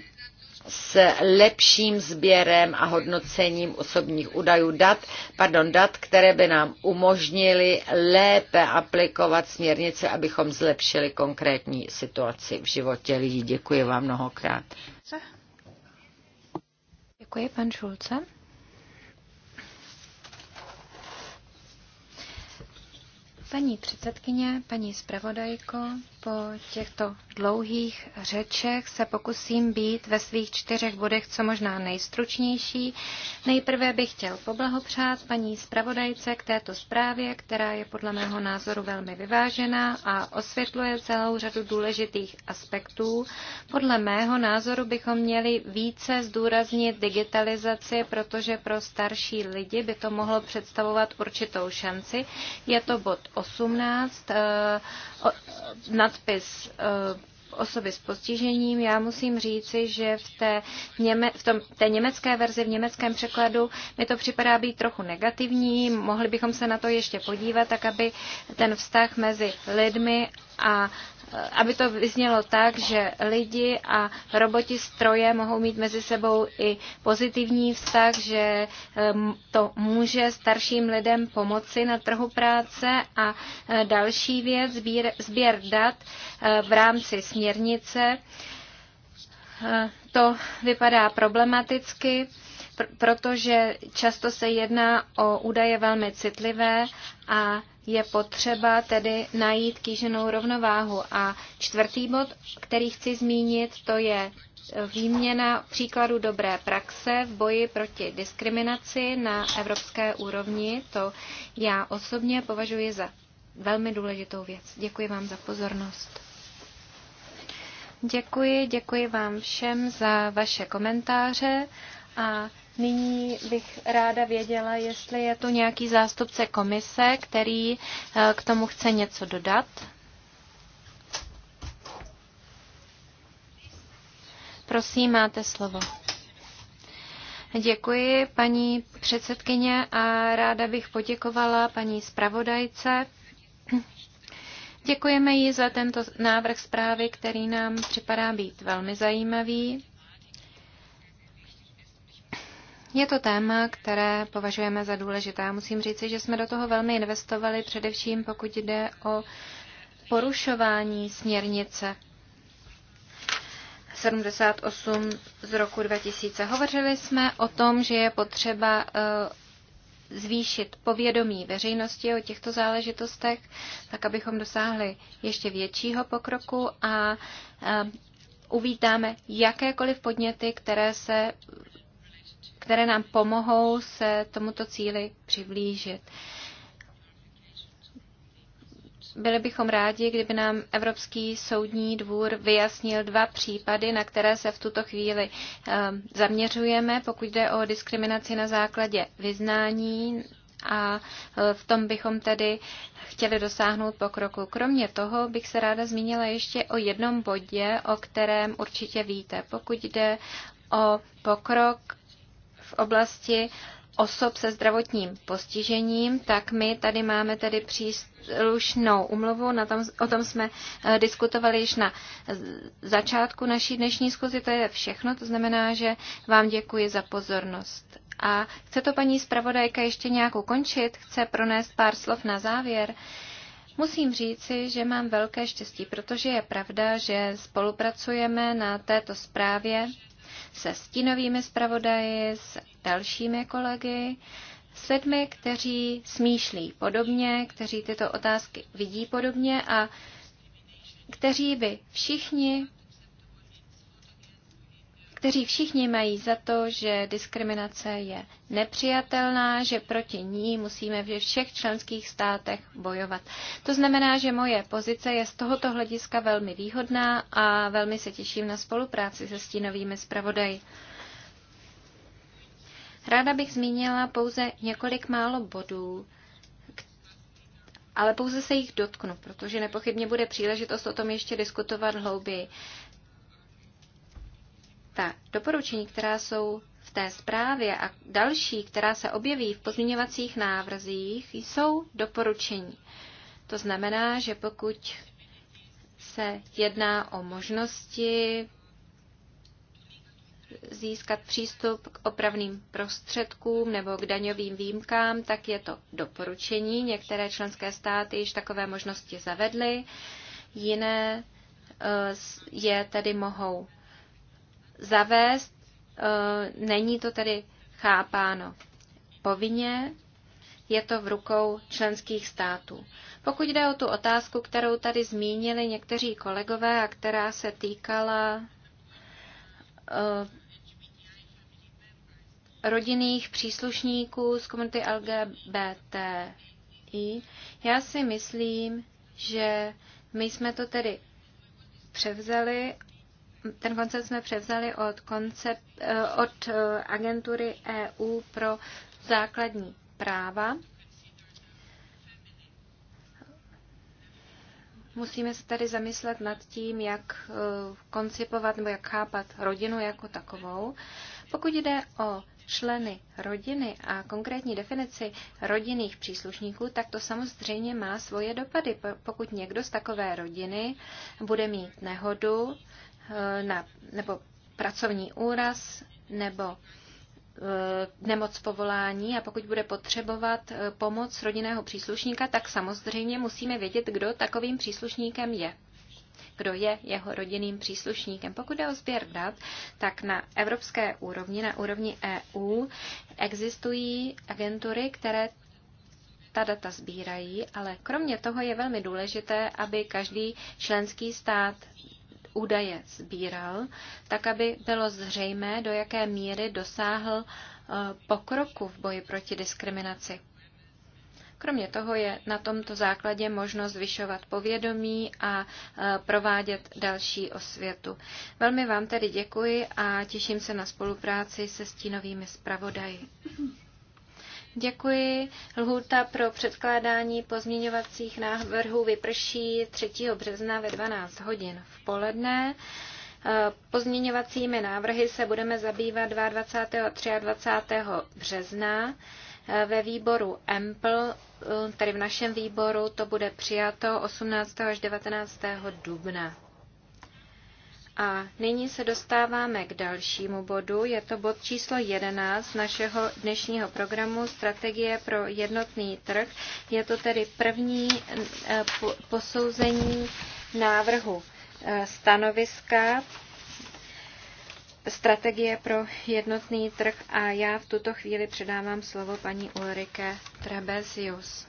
s lepším sběrem a hodnocením osobních údajů dat, pardon, dat, které by nám umožnili lépe aplikovat směrnice, abychom zlepšili konkrétní situaci v životě lidí. Děkuji vám mnohokrát. Děkuji, pan Šulce. Paní předsedkyně, paní zpravodajko, po těchto dlouhých řečech se pokusím být ve svých čtyřech bodech co možná nejstručnější. Nejprve bych chtěl poblahopřát paní zpravodajce k této zprávě, která je podle mého názoru velmi vyvážená a osvětluje celou řadu důležitých aspektů. Podle mého názoru bychom měli více zdůraznit digitalizaci, protože pro starší lidi by to mohlo představovat určitou šanci. Je to bod 18, eh, nadpis eh, osoby s postižením. Já musím říci, že v té, něme, v tom, té německé verzi, v německém překladu, mi to připadá být trochu negativní. Mohli bychom se na to ještě podívat, tak aby ten vztah mezi lidmi a Eh, aby to vyznělo tak, že lidi a roboti stroje mohou mít mezi sebou i pozitivní vztah, že to může starším lidem pomoci na trhu práce a eh, další věc, sběr, sběr dat eh, v rámci směrnice. To vypadá problematicky, protože často se jedná o údaje velmi citlivé a je potřeba tedy najít kýženou rovnováhu. A čtvrtý bod, který chci zmínit, to je výměna příkladu dobré praxe v boji proti diskriminaci na evropské úrovni. To já osobně považuji za velmi důležitou věc. Děkuji vám za pozornost. Děkuji, děkuji vám všem za vaše komentáře a Nyní bych ráda věděla, jestli je tu nějaký zástupce komise, který eh, k tomu chce něco dodat. Prosím, máte slovo. Děkuji, paní předsedkyně, a ráda bych poděkovala paní zpravodajce. Děkujeme jí za tento návrh zprávy, který nám připadá být velmi zajímavý. Je to téma, které považujeme za důležité. Musím říci, že jsme do toho velmi investovali, především pokud jde o porušování směrnice 78 z roku 2000. Hovořili jsme o tom, že je potřeba eh, zvýšit povědomí veřejnosti o těchto záležitostech, tak abychom dosáhli ještě většího pokroku a eh, uvítáme jakékoliv podněty, které se které nám pomohou se tomuto cíli přiblížit. Byli bychom rádi, kdyby nám Evropský soudní dvůr vyjasnil dva případy, na které se v tuto chvíli ehm, zaměřujeme, pokud jde o diskriminaci na základě vyznání a e, v tom bychom tedy chtěli dosáhnout pokroku. Kromě toho bych se ráda zmínila ještě o jednom bodě, o kterém určitě víte. Pokud jde o pokrok v oblasti osob se zdravotním postižením, tak my tady máme tedy příslušnou umluvu, na tom, o tom jsme eh, diskutovali již na začátku naší dnešní schůzi, to je všechno, to znamená, že vám děkuji za pozornost. A chce to paní zpravodajka ještě nějak ukončit? Chce pronést pár slov na závěr? Musím říci, že mám velké štěstí, protože je pravda, že spolupracujeme na této zprávě se stínovými zpravodaji, s dalšími kolegy, s lidmi, kteří smýšlí podobně, kteří tyto otázky vidí podobně a kteří by všichni kteří všichni mají za to, že diskriminace je nepřijatelná, že proti ní musíme ve všech členských státech bojovat. To znamená, že moje pozice je z tohoto hlediska velmi výhodná a velmi se těším na spolupráci se stínovými zpravodaji. Ráda bych zmínila pouze několik málo bodů, ale pouze se jich dotknu, protože nepochybně bude příležitost o tom ještě diskutovat hlouběji ta doporučení, která jsou v té zprávě a další, která se objeví v pozměňovacích návrzích, jsou doporučení. To znamená, že pokud se jedná o možnosti získat přístup k opravným prostředkům nebo k daňovým výjimkám, tak je to doporučení. Některé členské státy již takové možnosti zavedly, jiné eh, je tedy mohou zavést. Eh, není to tedy chápáno povinně, je to v rukou členských států. Pokud jde o tu otázku, kterou tady zmínili někteří kolegové a která se týkala eh, rodinných příslušníků z komunity LGBTI, já si myslím, že my jsme to tedy převzali ten koncept jsme převzali od, koncept, eh, od eh, agentury EU pro základní práva. Musíme se tady zamyslet nad tím, jak eh, koncipovat nebo jak chápat rodinu jako takovou. Pokud jde o členy rodiny a konkrétní definici rodinných příslušníků, tak to samozřejmě má svoje dopady. Pokud někdo z takové rodiny bude mít nehodu, Eh, na, nebo pracovní úraz nebo eh, nemoc povolání a pokud bude potřebovat eh, pomoc rodinného příslušníka, tak samozřejmě musíme vědět, kdo takovým příslušníkem je kdo je jeho rodinným příslušníkem. Pokud jde o sběr dat, tak na evropské úrovni, na úrovni EU, existují agentury, které ta data sbírají, ale kromě toho je velmi důležité, aby každý členský stát údaje sbíral, tak aby bylo zřejmé, do jaké míry dosáhl eh, pokroku v boji proti diskriminaci. Kromě toho je na tomto základě možno zvyšovat povědomí a eh, provádět další osvětu. Velmi vám tedy děkuji a těším se na spolupráci se stínovými zpravodaji. Děkuji. Lhůta pro předkládání pozměňovacích návrhů vyprší 3. března ve 12 hodin v poledne. Eh, pozměňovacími návrhy se budeme zabývat 22. a 23. března eh, ve výboru EMPL, eh, tedy v našem výboru, to bude přijato 18. až 19. dubna. A nyní se dostáváme k dalšímu bodu. Je to bod číslo 11 našeho dnešního programu Strategie pro jednotný trh. Je to tedy první eh, posouzení návrhu eh, stanoviska strategie pro jednotný trh a já v tuto chvíli předávám slovo paní Ulrike Trebesius.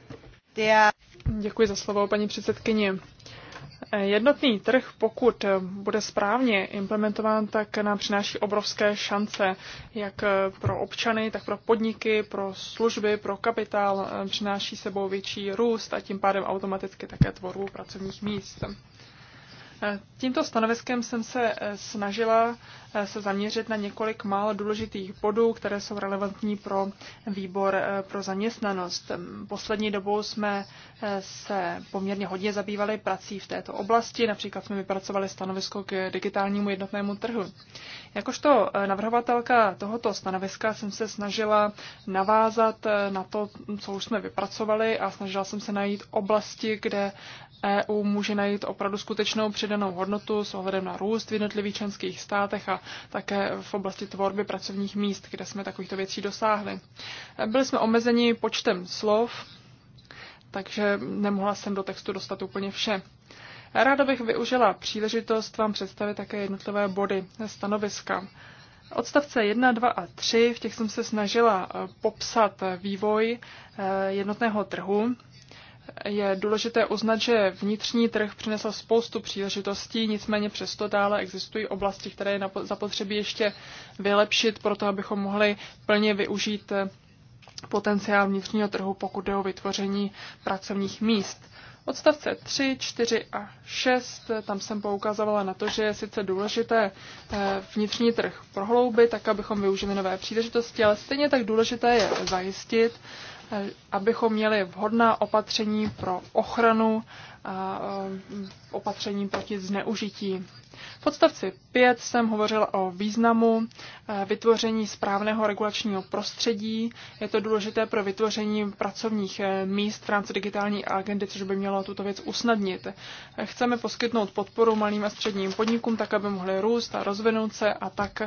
Děkuji za slovo, paní předsedkyně. Jednotný trh, pokud bude správně implementován, tak nám přináší obrovské šance, jak pro občany, tak pro podniky, pro služby, pro kapitál. Přináší sebou větší růst a tím pádem automaticky také tvorbu pracovních míst. Tímto stanoviskem jsem se eh, snažila eh, se zaměřit na několik málo důležitých bodů, které jsou relevantní pro výbor eh, pro zaměstnanost. Poslední dobou jsme se poměrně hodně zabývali prací v této oblasti, například jsme vypracovali stanovisko k digitálnímu jednotnému trhu. Jakožto eh, navrhovatelka tohoto stanoviska jsem se snažila navázat eh, na to, co už jsme vypracovali a snažila jsem se najít oblasti, kde EU může najít opravdu skutečnou přidanou hodnotu s ohledem na růst v jednotlivých členských státech a také v oblasti tvorby pracovních míst, kde jsme takovýchto věcí dosáhli. Eh, byli jsme omezeni počtem slov, takže nemohla jsem do textu dostat úplně vše. Ráda bych využila příležitost vám představit také jednotlivé body stanoviska. Odstavce 1, 2 a 3, v těch jsem se snažila eh, popsat vývoj eh, jednotného trhu. Je důležité uznat, že vnitřní trh přinesl spoustu příležitostí, nicméně přesto dále existují oblasti, které je zapotřebí ještě vylepšit, proto abychom mohli plně využít eh, potenciál vnitřního trhu, pokud jde o vytvoření pracovních míst. Odstavce 3, 4 a 6, tam jsem poukazovala na to, že je sice důležité eh, vnitřní trh prohloubit, tak abychom využili nové příležitosti, ale stejně tak důležité je zajistit, eh, abychom měli vhodná opatření pro ochranu a eh, opatření proti zneužití v odstavci 5 jsem hovořila o významu eh, vytvoření správného regulačního prostředí. Je to důležité pro vytvoření pracovních eh, míst v rámci digitální agendy, což by mělo tuto věc usnadnit. Eh, chceme poskytnout podporu malým a středním podnikům, tak aby mohly růst a rozvinout se a tak,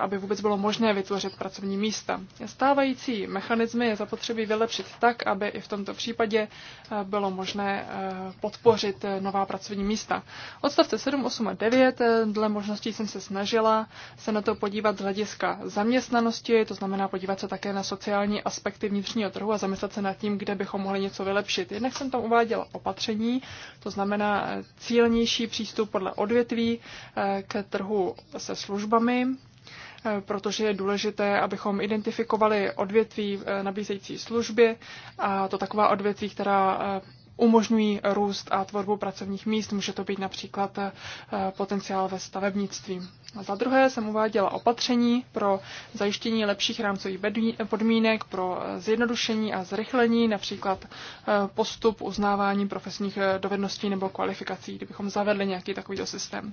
aby vůbec bylo možné vytvořit pracovní místa. Stávající mechanizmy je zapotřebí vylepšit tak, aby i v tomto případě bylo možné podpořit nová pracovní místa. Odstavce 7, 8 a 9 9. Eh, dle možností jsem se snažila se na to podívat z hlediska zaměstnanosti, to znamená podívat se také na sociální aspekty vnitřního trhu a zamyslet se nad tím, kde bychom mohli něco vylepšit. Jednak jsem tam uváděla opatření, to znamená eh, cílnější přístup podle odvětví eh, k trhu se službami, protože je důležité, abychom identifikovali odvětví nabízející služby a to taková odvětví, která umožňují růst a tvorbu pracovních míst. Může to být například eh, potenciál ve stavebnictví. A za druhé jsem uváděla opatření pro zajištění lepších rámcových podmínek, pro eh, zjednodušení a zrychlení, například eh, postup uznávání profesních dovedností nebo kvalifikací, kdybychom zavedli nějaký takovýto systém.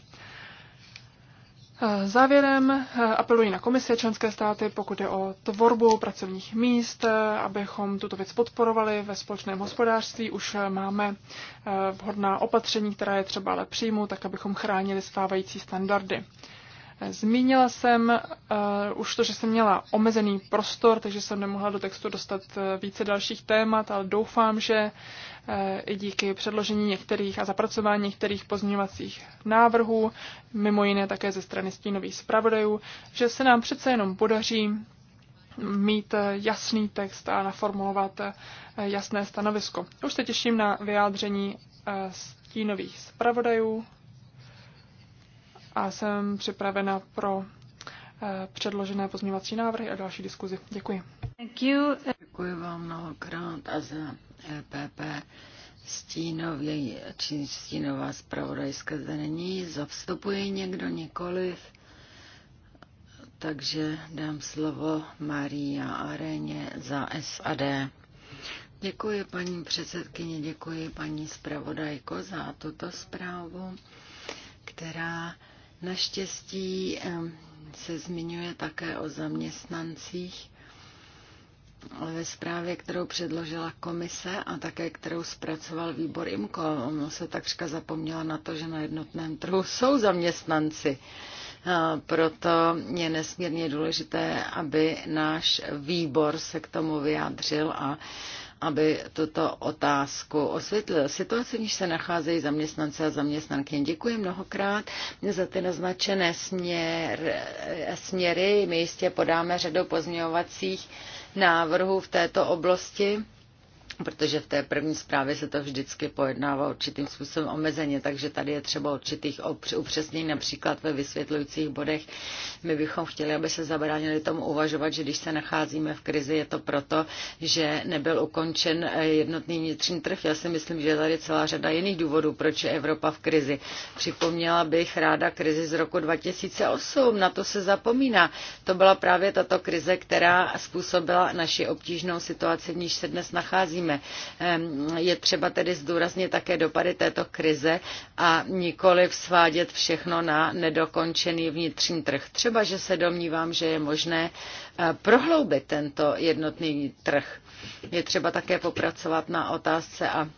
Závěrem eh, apeluji na komise členské státy, pokud je o tvorbu pracovních míst, eh, abychom tuto věc podporovali ve společném hospodářství. Už eh, máme vhodná opatření, která je třeba ale přijmout, tak abychom chránili stávající standardy. Zmínila jsem uh, už to, že jsem měla omezený prostor, takže jsem nemohla do textu dostat eh, více dalších témat, ale doufám, že uh, i díky předložení některých a zapracování některých pozměňovacích návrhů, mimo jiné také ze strany stínových zpravodajů, že se nám přece jenom podaří mít jasný text a naformulovat jasné stanovisko. Už se těším na vyjádření stínových zpravodajů a jsem připravena pro eh, předložené pozměňovací návrhy a další diskuzi. Děkuji. Thank you. Děkuji vám mnohokrát a za EPP stínově, či stínová zpravodajské zde Zavstupuje někdo nikoliv, takže dám slovo Maria Areně za SAD. Děkuji paní předsedkyně, děkuji paní zpravodajko za tuto zprávu, která Naštěstí se zmiňuje také o zaměstnancích ve zprávě, kterou předložila komise a také kterou zpracoval výbor IMCO. Ono se takřka zapomněla na to, že na jednotném trhu jsou zaměstnanci. Proto je nesmírně důležité, aby náš výbor se k tomu vyjádřil a aby tuto otázku osvětlil. Situace, v níž se nacházejí zaměstnance a zaměstnanky. Děkuji mnohokrát za ty naznačené směr, směry. My jistě podáme řadu pozměňovacích návrhů v této oblasti protože v té první zprávě se to vždycky pojednává určitým způsobem omezeně, takže tady je třeba určitých upřesnění, například ve vysvětlujících bodech. My bychom chtěli, aby se zabránili tomu uvažovat, že když se nacházíme v krizi, je to proto, že nebyl ukončen eh, jednotný vnitřní trh. Já si myslím, že je tady celá řada jiných důvodů, proč je Evropa v krizi. Připomněla bych ráda krizi z roku 2008, na to se zapomíná. To byla právě tato krize, která způsobila naši obtížnou situaci, v níž se dnes nacházíme řešíme. Je třeba tedy zdůraznit také dopady této krize a nikoli svádět všechno na nedokončený vnitřní trh. Třeba, že se domnívám, že je možné eh, prohloubit tento jednotný trh. Je třeba také popracovat na otázce a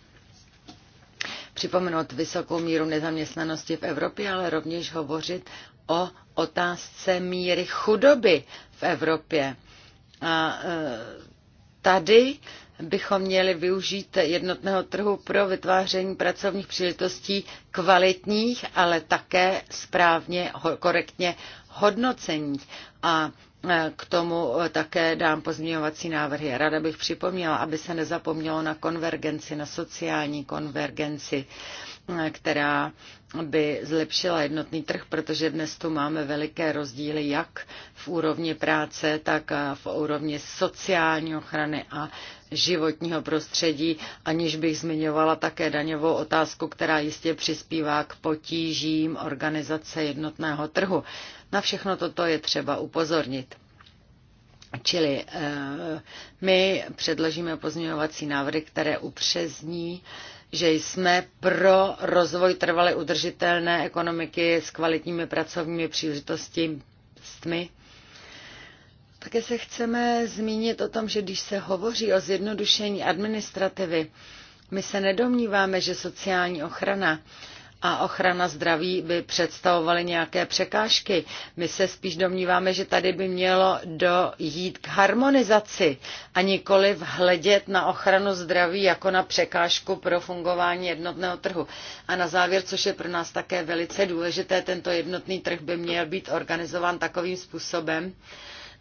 připomenout vysokou míru nezaměstnanosti v Evropě, ale rovněž hovořit o otázce míry chudoby v Evropě. A eh, tady bychom měli využít jednotného trhu pro vytváření pracovních příležitostí kvalitních, ale také správně, korektně hodnocených. A e, k tomu e, také dám pozměňovací návrhy. Rada bych připomněla, aby se nezapomnělo na konvergenci, na sociální konvergenci, e, která by zlepšila jednotný trh, protože dnes tu máme veliké rozdíly jak v úrovni práce, tak v úrovni sociální ochrany a životního prostředí, aniž bych zmiňovala také daňovou otázku, která jistě přispívá k potížím organizace jednotného trhu. Na všechno toto je třeba upozornit. Čili eh, my předložíme pozměňovací návrhy, které upřezní, že jsme pro rozvoj trvale udržitelné ekonomiky s kvalitními pracovními příležitostmi také se chceme zmínit o tom, že když se hovoří o zjednodušení administrativy, my se nedomníváme, že sociální ochrana a ochrana zdraví by představovaly nějaké překážky. My se spíš domníváme, že tady by mělo dojít k harmonizaci a nikoli hledět na ochranu zdraví jako na překážku pro fungování jednotného trhu. A na závěr, což je pro nás také velice důležité, tento jednotný trh by měl být organizován takovým způsobem,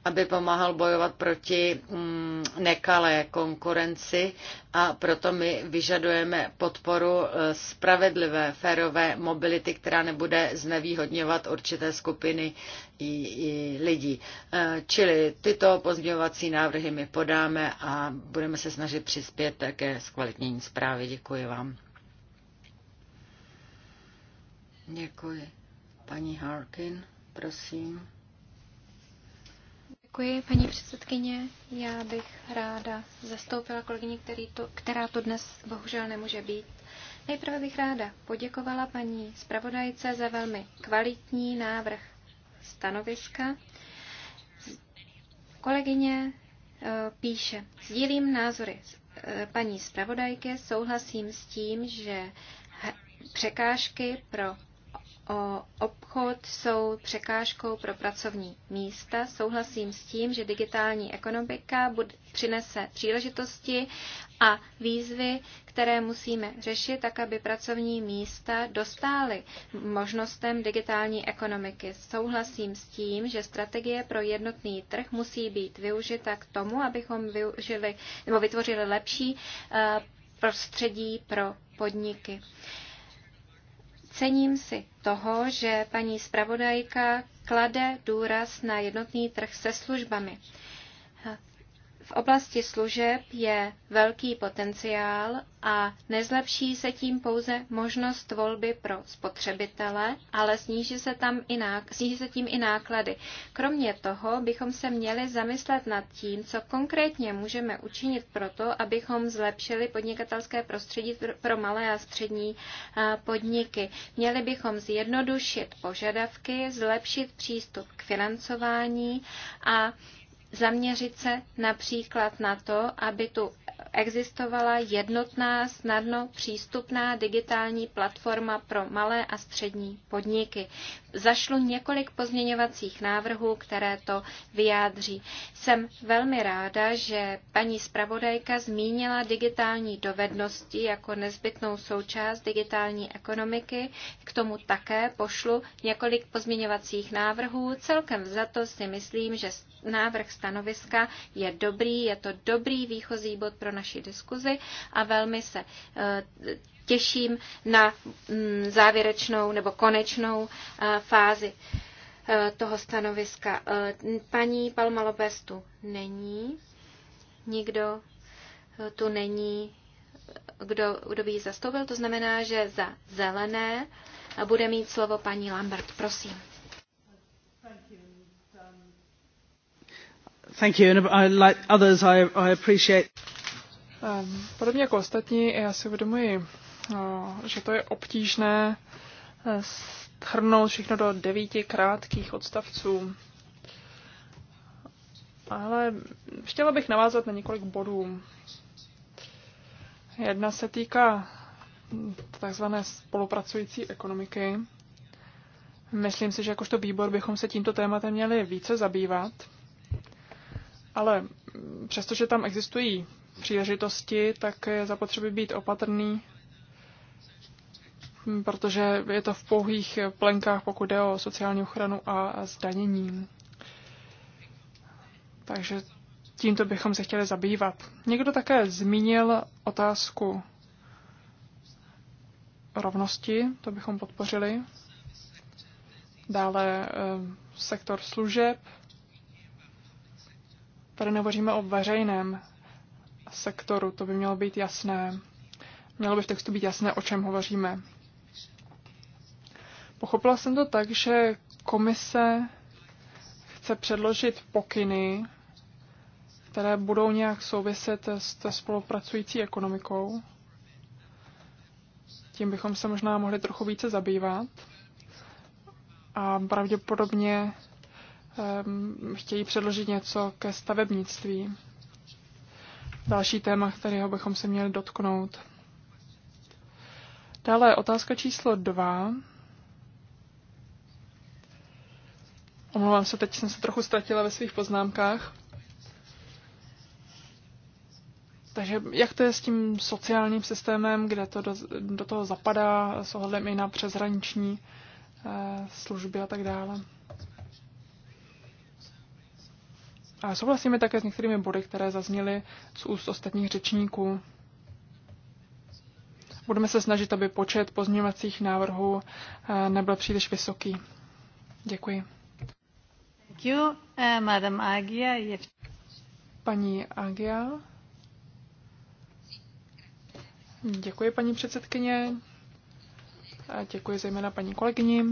aby pomáhal bojovat proti mm, nekalé konkurenci a proto my vyžadujeme podporu e, spravedlivé, férové mobility, která nebude znevýhodňovat určité skupiny i, i lidí. E, čili tyto pozměňovací návrhy my podáme a budeme se snažit přispět také zkvalitnění zprávy. Děkuji vám. Děkuji. Paní Harkin, prosím. Děkuji, paní předsedkyně. Já bych ráda zastoupila kolegyni, který to, která to dnes bohužel nemůže být. Nejprve bych ráda poděkovala paní zpravodajce za velmi kvalitní návrh stanoviska. Kolegyně eh, píše, sdílím názory eh, paní zpravodajky, souhlasím s tím, že překážky pro o obchod jsou překážkou pro pracovní místa. Souhlasím s tím, že digitální ekonomika přinese příležitosti a výzvy, které musíme řešit, tak aby pracovní místa dostály možnostem digitální ekonomiky. Souhlasím s tím, že strategie pro jednotný trh musí být využita k tomu, abychom využili, nebo vytvořili lepší eh, prostředí pro podniky. Uh, Cením si toho, že paní zpravodajka klade důraz na jednotný trh se službami. V oblasti služeb je velký potenciál a nezlepší se tím pouze možnost volby pro spotřebitele, ale sníží se, tam i náklady, sníží se tím i náklady. Kromě toho bychom se měli zamyslet nad tím, co konkrétně můžeme učinit proto, abychom zlepšili podnikatelské prostředí pro malé a střední podniky. Měli bychom zjednodušit požadavky, zlepšit přístup k financování a zaměřit se například na to, aby tu existovala jednotná, snadno přístupná digitální platforma pro malé a střední podniky zašlu několik pozměňovacích návrhů, které to vyjádří. Jsem velmi ráda, že paní zpravodajka zmínila digitální dovednosti jako nezbytnou součást digitální ekonomiky. K tomu také pošlu několik pozměňovacích návrhů. Celkem za to si myslím, že návrh stanoviska je dobrý, je to dobrý výchozí bod pro naši diskuzi a velmi se eh, těším na mm, závěrečnou nebo konečnou eh, fázi eh, toho stanoviska. Eh, paní Palma Lopez tu není, nikdo tu není, kdo, kdo by ji zastoupil. To znamená, že za zelené bude mít slovo paní Lambert. Prosím. Thank you. I, like others, I, I appreciate. Ehm, podobně jako ostatní, já si uvědomuji No, že to je obtížné eh, shrnout všechno do devíti krátkých odstavců. Ale chtěla bych navázat na několik bodů. Jedna se týká takzvané spolupracující ekonomiky. Myslím si, že jakožto výbor bychom se tímto tématem měli více zabývat, ale přestože tam existují příležitosti, tak je zapotřebí být opatrný protože je to v pouhých plenkách, pokud jde o sociální ochranu a zdanění. Takže tímto bychom se chtěli zabývat. Někdo také zmínil otázku rovnosti, to bychom podpořili. Dále eh, sektor služeb. Tady nehovoříme o veřejném sektoru, to by mělo být jasné. Mělo by v textu být jasné, o čem hovoříme. Pochopila jsem to tak, že komise chce předložit pokyny, které budou nějak souviset s spolupracující ekonomikou. Tím bychom se možná mohli trochu více zabývat. A pravděpodobně um, chtějí předložit něco ke stavebnictví. Další téma, kterého bychom se měli dotknout. Dále otázka číslo dva. Omlouvám se, teď jsem se trochu ztratila ve svých poznámkách. Takže jak to je s tím sociálním systémem, kde to do, do toho zapadá s ohledem i na přeshraniční eh, služby a tak dále? A souhlasíme také s některými body, které zazněly z úst ostatních řečníků. Budeme se snažit, aby počet pozměňovacích návrhů eh, nebyl příliš vysoký. Děkuji. Thank you. Uh, Madam Agia je... Paní Agia. Děkuji, paní předsedkyně. A děkuji zejména paní kolegyni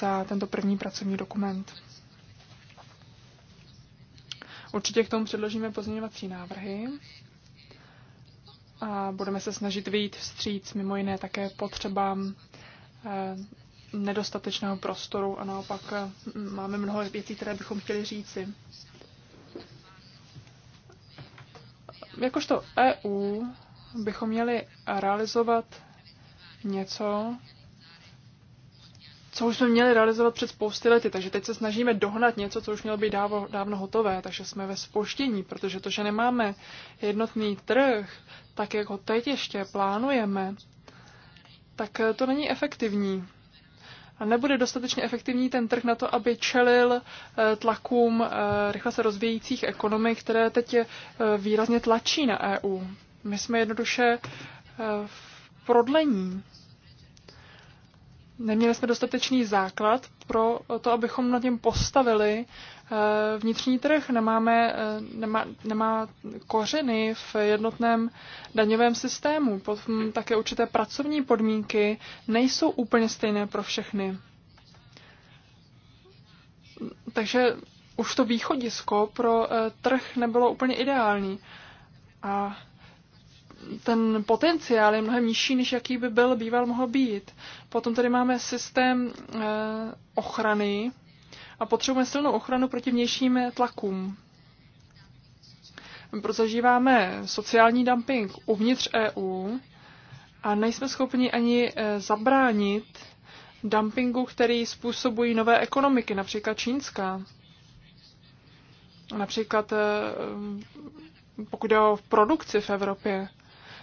za tento první pracovní dokument. Určitě k tomu předložíme pozměňovací návrhy a budeme se snažit vyjít vstříc mimo jiné také potřebám eh, nedostatečného prostoru a naopak eh, máme mnoho věcí, které bychom chtěli říci. Jakožto EU bychom měli realizovat něco, co už jsme měli realizovat před spousty lety, takže teď se snažíme dohnat něco, co už mělo být dávno, dávno hotové, takže jsme ve spoštění, protože to, že nemáme jednotný trh, tak jak ho teď ještě plánujeme, tak eh, to není efektivní nebude dostatečně efektivní ten trh na to, aby čelil eh, tlakům eh, rychle se rozvíjících ekonomik, které teď eh, výrazně tlačí na EU. My jsme jednoduše v prodlení. Neměli jsme dostatečný základ pro to, abychom na něm postavili Eh, vnitřní trh, nemáme, eh, nemá, nemá kořeny v jednotném daňovém systému. Potom hm, také určité pracovní podmínky nejsou úplně stejné pro všechny. Takže už to východisko pro eh, trh nebylo úplně ideální. A ten potenciál je mnohem nižší, než jaký by byl býval mohl být. Potom tady máme systém ochrany a potřebujeme silnou ochranu proti vnějším tlakům. Prozažíváme sociální dumping uvnitř EU a nejsme schopni ani eh, zabránit dumpingu, který způsobují nové ekonomiky, například čínská. Například eh, pokud jde o produkci v Evropě.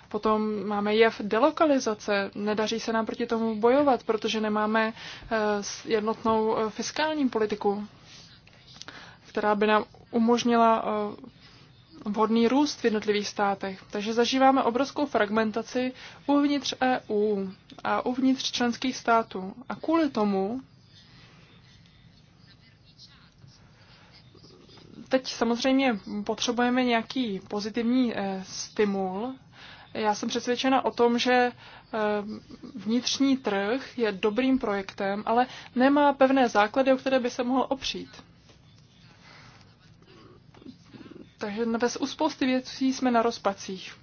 Potom máme jev delokalizace. Nedaří se nám proti tomu bojovat, protože nemáme eh, jednotnou eh, fiskální politiku, která by nám umožnila eh, vhodný růst v jednotlivých státech. Takže zažíváme obrovskou fragmentaci uvnitř EU a uvnitř členských států. A kvůli tomu teď samozřejmě potřebujeme nějaký pozitivní stimul, já jsem přesvědčena o tom, že eh, vnitřní trh je dobrým projektem, ale nemá pevné základy, o které by se mohl opřít. Takže u spousty věcí jsme na rozpacích.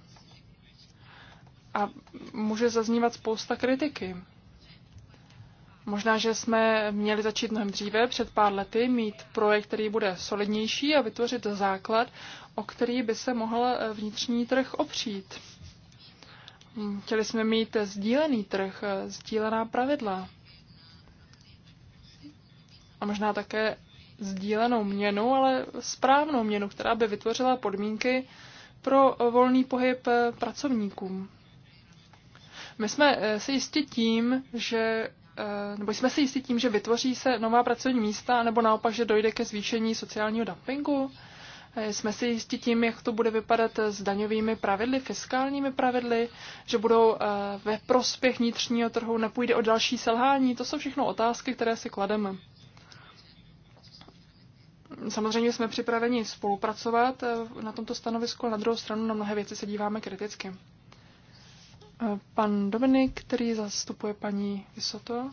A může zaznívat spousta kritiky. Možná, že jsme měli začít mnohem dříve, před pár lety, mít projekt, který bude solidnější a vytvořit základ, o který by se mohl eh, vnitřní trh opřít. Chtěli jsme mít sdílený trh, sdílená pravidla. A možná také sdílenou měnu, ale správnou měnu, která by vytvořila podmínky pro volný pohyb pracovníkům. My jsme eh, si jistí tím, že eh, nebo jsme si jistí tím, že vytvoří se nová pracovní místa, nebo naopak, že dojde ke zvýšení sociálního dumpingu. Jsme si jistí tím, jak to bude vypadat s daňovými pravidly, fiskálními pravidly, že budou eh, ve prospěch vnitřního trhu, nepůjde o další selhání. To jsou všechno otázky, které si klademe. Samozřejmě jsme připraveni spolupracovat eh, na tomto stanovisku, na druhou stranu na mnohé věci se díváme kriticky. Eh, pan Dominik, který zastupuje paní Vysoto.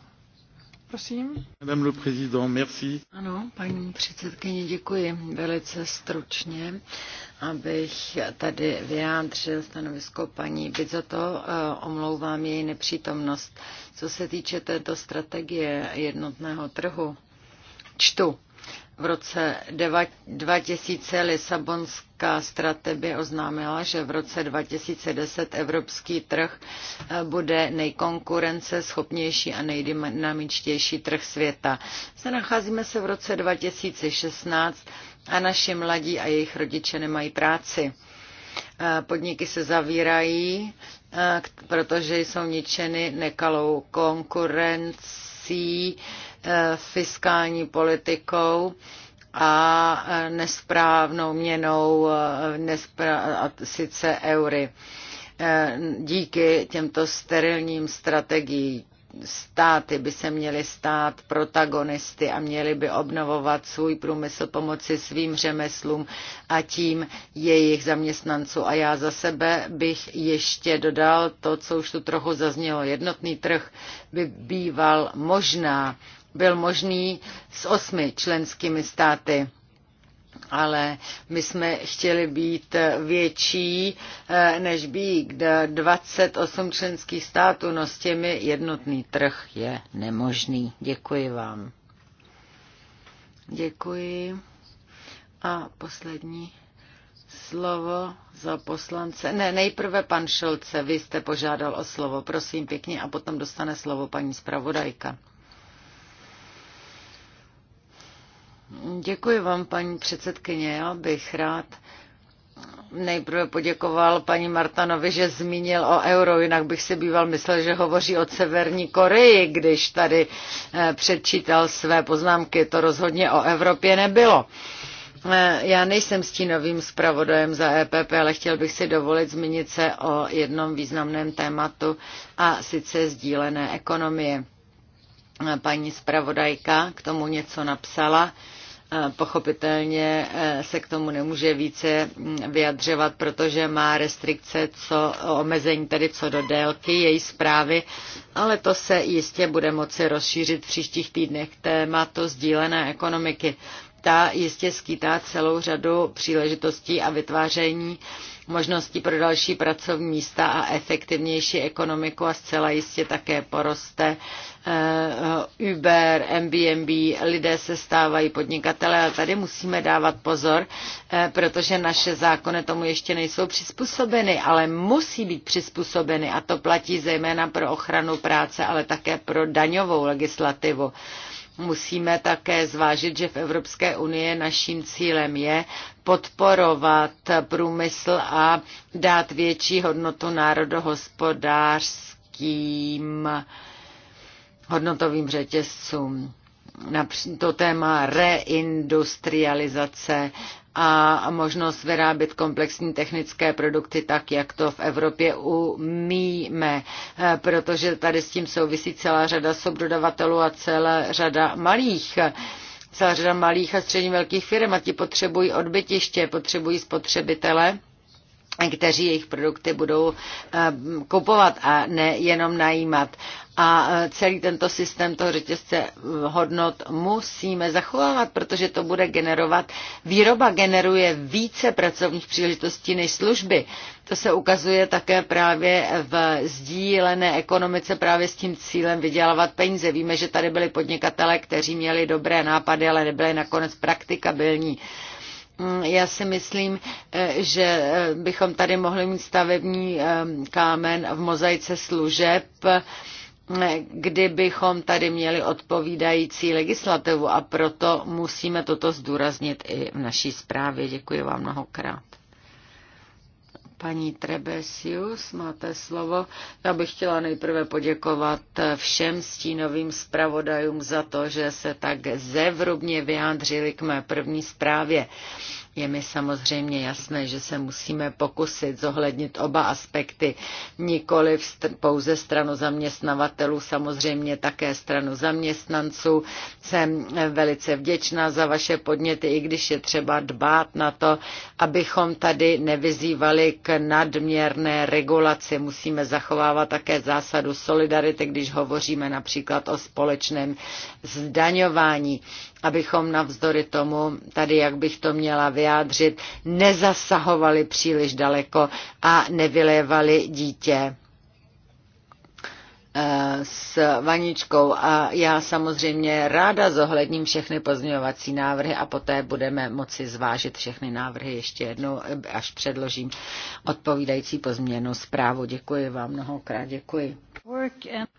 Prosím. Madame le président, merci. Ano, paní předsedkyně, děkuji velice stručně, abych tady vyjádřil stanovisko paní Bizoto. Eh, omlouvám její nepřítomnost. Co se týče této strategie jednotného trhu, čtu v roce 2000 Lisabonská strategie oznámila, že v roce 2010 evropský trh eh, bude nejkonkurenceschopnější a nejdynamičtější trh světa. Se nacházíme se v roce 2016 a naši mladí a jejich rodiče nemají práci. Eh, podniky se zavírají, eh, protože jsou ničeny nekalou konkurencí fiskální politikou a nesprávnou měnou, a sice eury. Díky těmto sterilním strategií státy by se měly stát protagonisty a měly by obnovovat svůj průmysl pomoci svým řemeslům a tím jejich zaměstnanců. A já za sebe bych ještě dodal to, co už tu trochu zaznělo. Jednotný trh by býval možná byl možný s osmi členskými státy ale my jsme chtěli být větší eh, než být 28 členských států, no s těmi jednotný trh je nemožný. Děkuji vám. Děkuji. A poslední slovo za poslance. Ne, nejprve pan Šolce, vy jste požádal o slovo, prosím pěkně, a potom dostane slovo paní zpravodajka. Děkuji vám, paní předsedkyně. Já bych rád nejprve poděkoval paní Martanovi, že zmínil o euro, jinak bych si býval myslel, že hovoří o Severní Koreji, když tady eh, předčítal své poznámky. To rozhodně o Evropě nebylo. Eh, já nejsem stínovým zpravodajem za EPP, ale chtěl bych si dovolit zmínit se o jednom významném tématu a sice sdílené ekonomie. Eh, paní zpravodajka k tomu něco napsala Eh, pochopitelně eh, se k tomu nemůže více mm, vyjadřovat, protože má restrikce, co omezení tedy co do délky její zprávy, ale to se jistě bude moci rozšířit v příštích týdnech tématu sdílené ekonomiky. Ta jistě skýtá celou řadu příležitostí a vytváření uh, možností pro další pracovní místa a efektivnější ekonomiku a zcela jistě také poroste eh, Uber, Airbnb, lidé se stávají podnikatele, ale tady musíme dávat pozor, eh, protože naše zákony tomu ještě nejsou přizpůsobeny, ale musí být přizpůsobeny a to platí zejména pro ochranu práce, ale také pro daňovou legislativu. Musíme také zvážit, že v Evropské unii naším cílem je podporovat průmysl a dát větší hodnotu národohospodářským hodnotovým řetězcům to téma reindustrializace a možnost vyrábět komplexní technické produkty tak, jak to v Evropě umíme, eh, protože tady s tím souvisí celá řada subdodavatelů a celá řada malých celá řada malých a středně velkých firm a ti potřebují odbytiště, potřebují spotřebitele kteří jejich produkty budou eh, kupovat a ne jenom najímat. A eh, celý tento systém toho řetězce eh, hodnot musíme zachovávat, protože to bude generovat. Výroba generuje více pracovních příležitostí než služby. To se ukazuje také právě v sdílené ekonomice právě s tím cílem vydělávat peníze. Víme, že tady byli podnikatele, kteří měli dobré nápady, ale nebyly nakonec praktikabilní. Mm, já si myslím, eh, že eh, bychom tady mohli mít stavební eh, kámen v mozaice služeb, kdybychom tady měli odpovídající legislativu a proto musíme toto zdůraznit i v naší zprávě. Děkuji vám mnohokrát. Paní Trebesius, máte slovo. Já bych chtěla nejprve poděkovat všem stínovým zpravodajům za to, že se tak zevrubně vyjádřili k mé první zprávě. Je mi samozřejmě jasné, že se musíme pokusit zohlednit oba aspekty, nikoli pouze stranu zaměstnavatelů, samozřejmě také stranu zaměstnanců. Jsem velice vděčná za vaše podněty, i když je třeba dbát na to, abychom tady nevyzývali k nadměrné regulaci. Musíme zachovávat také zásadu solidarity, když hovoříme například o společném zdaňování abychom navzdory tomu, tady jak bych to měla vyjádřit, nezasahovali příliš daleko a nevylévali dítě eh, s vaničkou a já samozřejmě ráda zohledním všechny pozměňovací návrhy a poté budeme moci zvážit všechny návrhy ještě jednou, až předložím odpovídající pozměnu zprávu. Děkuji vám mnohokrát, děkuji.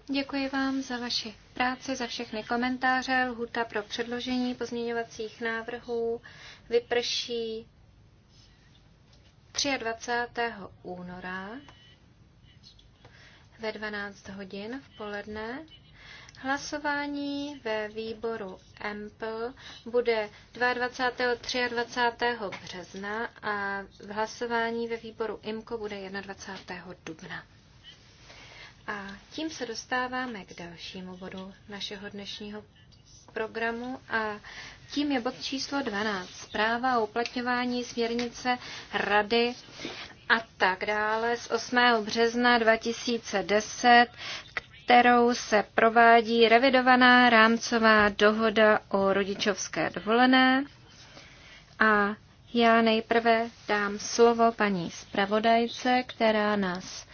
Děkuji vám za vaši práci, za všechny komentáře. Lhuta pro předložení pozměňovacích návrhů vyprší 23. února ve 12 hodin v poledne. Hlasování ve výboru EMPL bude 22. 23. března a hlasování ve výboru IMKO bude 21. dubna. A tím se dostáváme k dalšímu bodu našeho dnešního programu a tím je bod číslo 12. Zpráva o uplatňování směrnice Rady a tak dále z 8. března 2010, kterou se provádí revidovaná rámcová dohoda o rodičovské dovolené. A já nejprve dám slovo paní zpravodajce, která nás uh,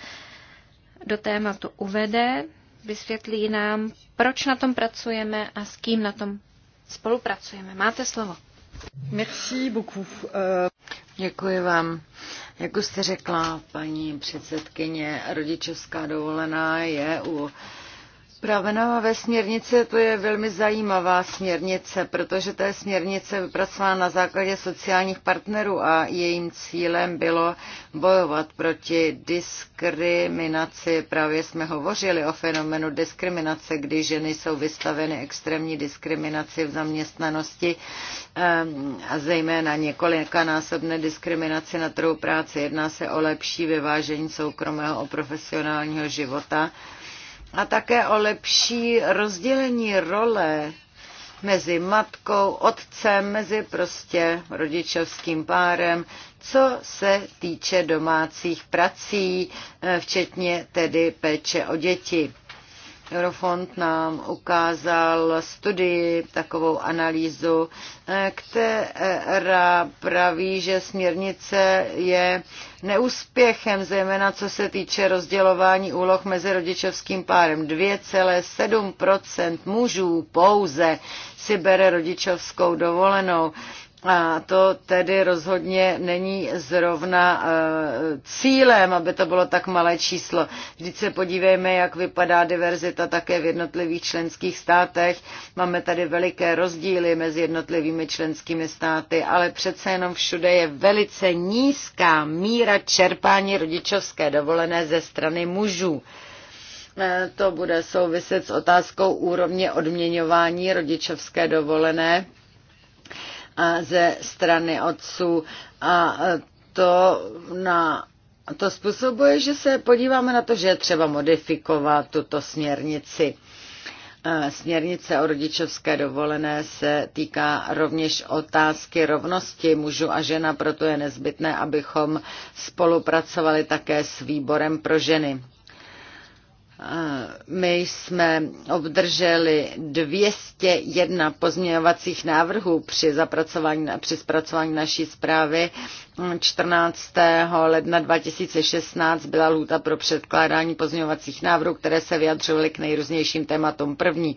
do tématu uvede, vysvětlí nám, proč na tom pracujeme a s kým na tom spolupracujeme. Máte slovo. Merci beaucoup. Děkuji vám. Jak už jste řekla, paní předsedkyně, rodičovská dovolená je u upravena ve směrnice, to je velmi zajímavá směrnice, protože to je směrnice vypracovaná na základě sociálních partnerů a jejím cílem bylo bojovat proti diskriminaci. Právě jsme hovořili o fenomenu diskriminace, kdy ženy jsou vystaveny extrémní diskriminaci v zaměstnanosti ehm, a zejména několika násobné diskriminaci na trhu práce. Jedná se o lepší vyvážení soukromého a profesionálního života a také o lepší rozdělení role mezi matkou, otcem, mezi prostě rodičovským párem, co se týče domácích prací, eh, včetně tedy péče o děti. Eurofond nám ukázal studii, takovou analýzu, eh, která praví, že směrnice je neúspěchem, zejména co se týče rozdělování úloh mezi rodičovským párem. 2,7 mužů pouze si bere rodičovskou dovolenou a to tedy rozhodně není zrovna e, cílem, aby to bylo tak malé číslo. Vždyť se podívejme, jak vypadá diverzita také v jednotlivých členských státech. Máme tady veliké rozdíly mezi jednotlivými členskými státy, ale přece jenom všude je velice nízká míra čerpání rodičovské dovolené ze strany mužů. E, to bude souviset s otázkou úrovně odměňování rodičovské dovolené ze strany otců a e, to na to způsobuje, že se podíváme na to, že je třeba modifikovat tuto směrnici. E, směrnice o rodičovské dovolené se týká rovněž otázky rovnosti mužu a žena, proto je nezbytné, abychom spolupracovali také s výborem pro ženy. Eh, my jsme obdrželi 201 pozměňovacích návrhů při, zapracování, při zpracování naší zprávy. 14. ledna 2016 byla lhůta pro předkládání pozměňovacích návrhů, které se vyjadřovaly k nejrůznějším tématům. První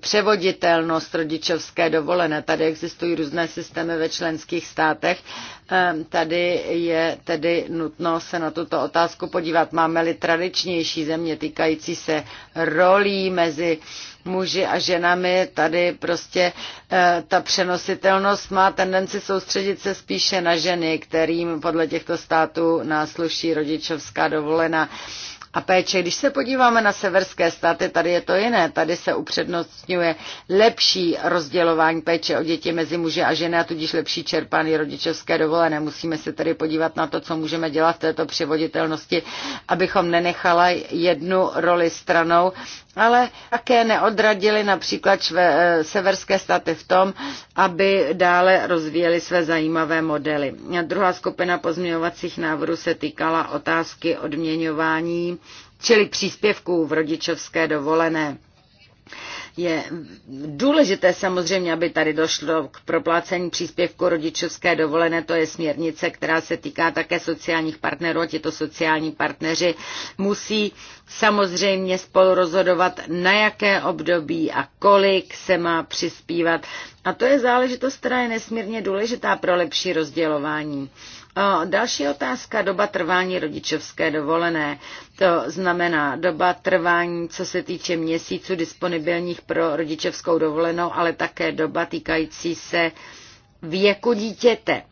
převoditelnost rodičovské dovolené. Tady existují různé systémy ve členských státech. Ehm, tady je tedy nutno se na tuto otázku podívat. Máme-li tradičnější země týkající se rolí mezi muži a ženami, tady prostě eh, ta přenositelnost má tendenci soustředit se spíše na ženy, kterým podle těchto států násluší rodičovská dovolená a péče. Když se podíváme na severské státy, tady je to jiné. Tady se upřednostňuje lepší rozdělování péče o děti mezi muže a ženy a tudíž lepší čerpání rodičovské dovolené. Musíme se tedy podívat na to, co můžeme dělat v této převoditelnosti, abychom nenechala jednu roli stranou, ale také neodradili například čve, eh, severské státy v tom, aby dále rozvíjeli své zajímavé modely. A druhá skupina pozměňovacích návrhů se týkala otázky odměňování čili příspěvků v rodičovské dovolené. Je důležité samozřejmě, aby tady došlo k proplácení příspěvku rodičovské dovolené, to je směrnice, která se týká také sociálních partnerů a tito sociální partneři musí samozřejmě spolu rozhodovat, na jaké období a kolik se má přispívat. A to je záležitost, která je nesmírně důležitá pro lepší rozdělování O, další otázka, doba trvání rodičovské dovolené. To znamená doba trvání, co se týče měsíců disponibilních pro rodičovskou dovolenou, ale také doba týkající se věku dítěte.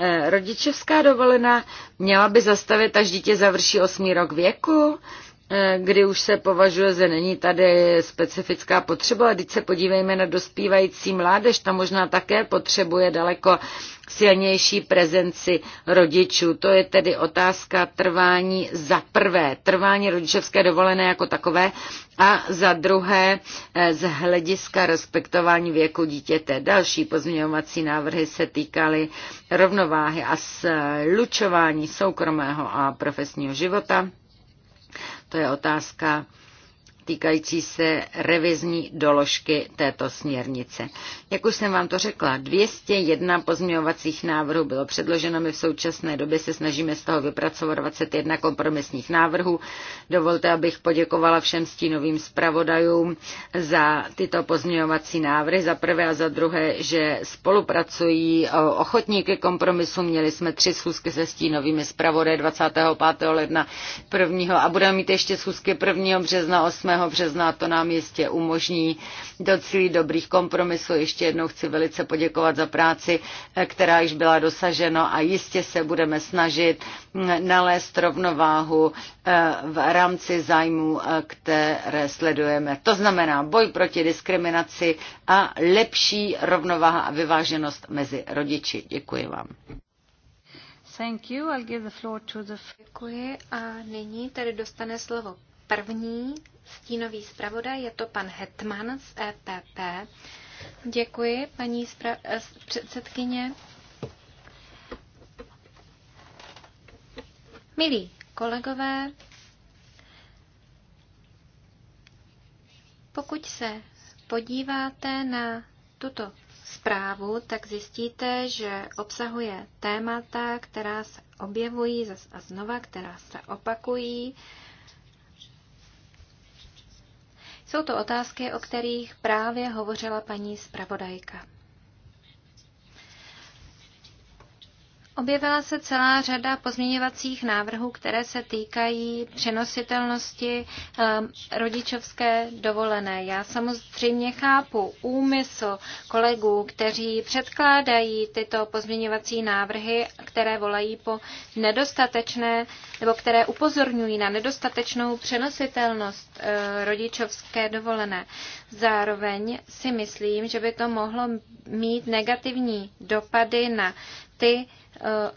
E, rodičovská dovolená měla by zastavit, až dítě završí osmý rok věku. Eh, kdy už se považuje, že není tady specifická potřeba, ale teď se podívejme na dospívající mládež, ta možná také potřebuje daleko silnější prezenci rodičů. To je tedy otázka trvání za prvé, trvání rodičovské dovolené jako takové a za druhé eh, z hlediska respektování věku dítěte. Další pozměňovací návrhy se týkaly rovnováhy a slučování soukromého a profesního života to je otázka týkající se revizní doložky této směrnice. Jak už jsem vám to řekla, 201 pozměňovacích návrhů bylo předloženo, my v současné době se snažíme z toho vypracovat 21 kompromisních návrhů. Dovolte, abych poděkovala všem stínovým zpravodajům za tyto pozměňovací návrhy, za prvé a za druhé, že spolupracují ochotní ke kompromisu. Měli jsme tři schůzky se stínovými zpravodaj 25. ledna 1. a budeme mít ještě schůzky 1. března 8 března, to nám jistě umožní docílit dobrých kompromisů. Ještě jednou chci velice poděkovat za práci, eh, která již byla dosaženo a jistě se budeme snažit nalézt rovnováhu eh, v rámci zájmů, eh, které sledujeme. To znamená boj proti diskriminaci a lepší rovnováha a vyváženost mezi rodiči. Děkuji vám. Thank you. I'll give the floor to the... Děkuji a nyní tady dostane slovo první stínový zpravodaj, je to pan Hetman z EPP. Děkuji, paní eh, předsedkyně. Milí kolegové, pokud se podíváte na tuto zprávu, tak zjistíte, že obsahuje témata, která se objevují zase a znova, která se opakují. Jsou to otázky, o kterých právě hovořila paní zpravodajka. Objevila se celá řada pozměňovacích návrhů, které se týkají přenositelnosti ehm, rodičovské dovolené. Já samozřejmě chápu úmysl kolegů, kteří předkládají tyto pozměňovací návrhy, které volají po nedostatečné nebo které upozorňují na nedostatečnou přenositelnost ehm, rodičovské dovolené. Zároveň si myslím, že by to mohlo mít negativní dopady na ty, Eh,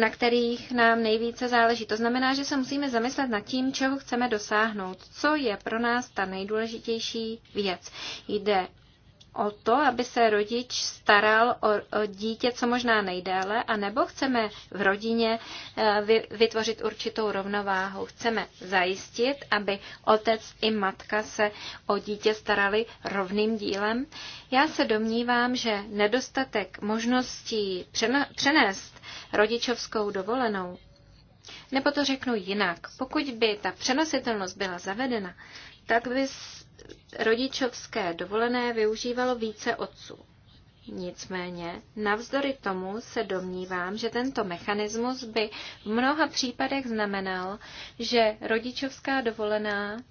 na kterých nám nejvíce záleží. To znamená, že se musíme zamyslet nad tím, čeho chceme dosáhnout, co je pro nás ta nejdůležitější věc. Jde o to, aby se rodič staral o, o dítě co možná nejdéle, a nebo chceme v rodině eh, vytvořit určitou rovnováhu. Chceme zajistit, aby otec i matka se o dítě starali rovným dílem. Já se domnívám, že nedostatek možností přenést rodičovskou dovolenou, nebo to řeknu jinak, pokud by ta přenositelnost byla zavedena, tak by rodičovské dovolené využívalo více otců. Nicméně, navzdory tomu se domnívám, že tento mechanismus by v mnoha případech znamenal, že rodičovská dovolená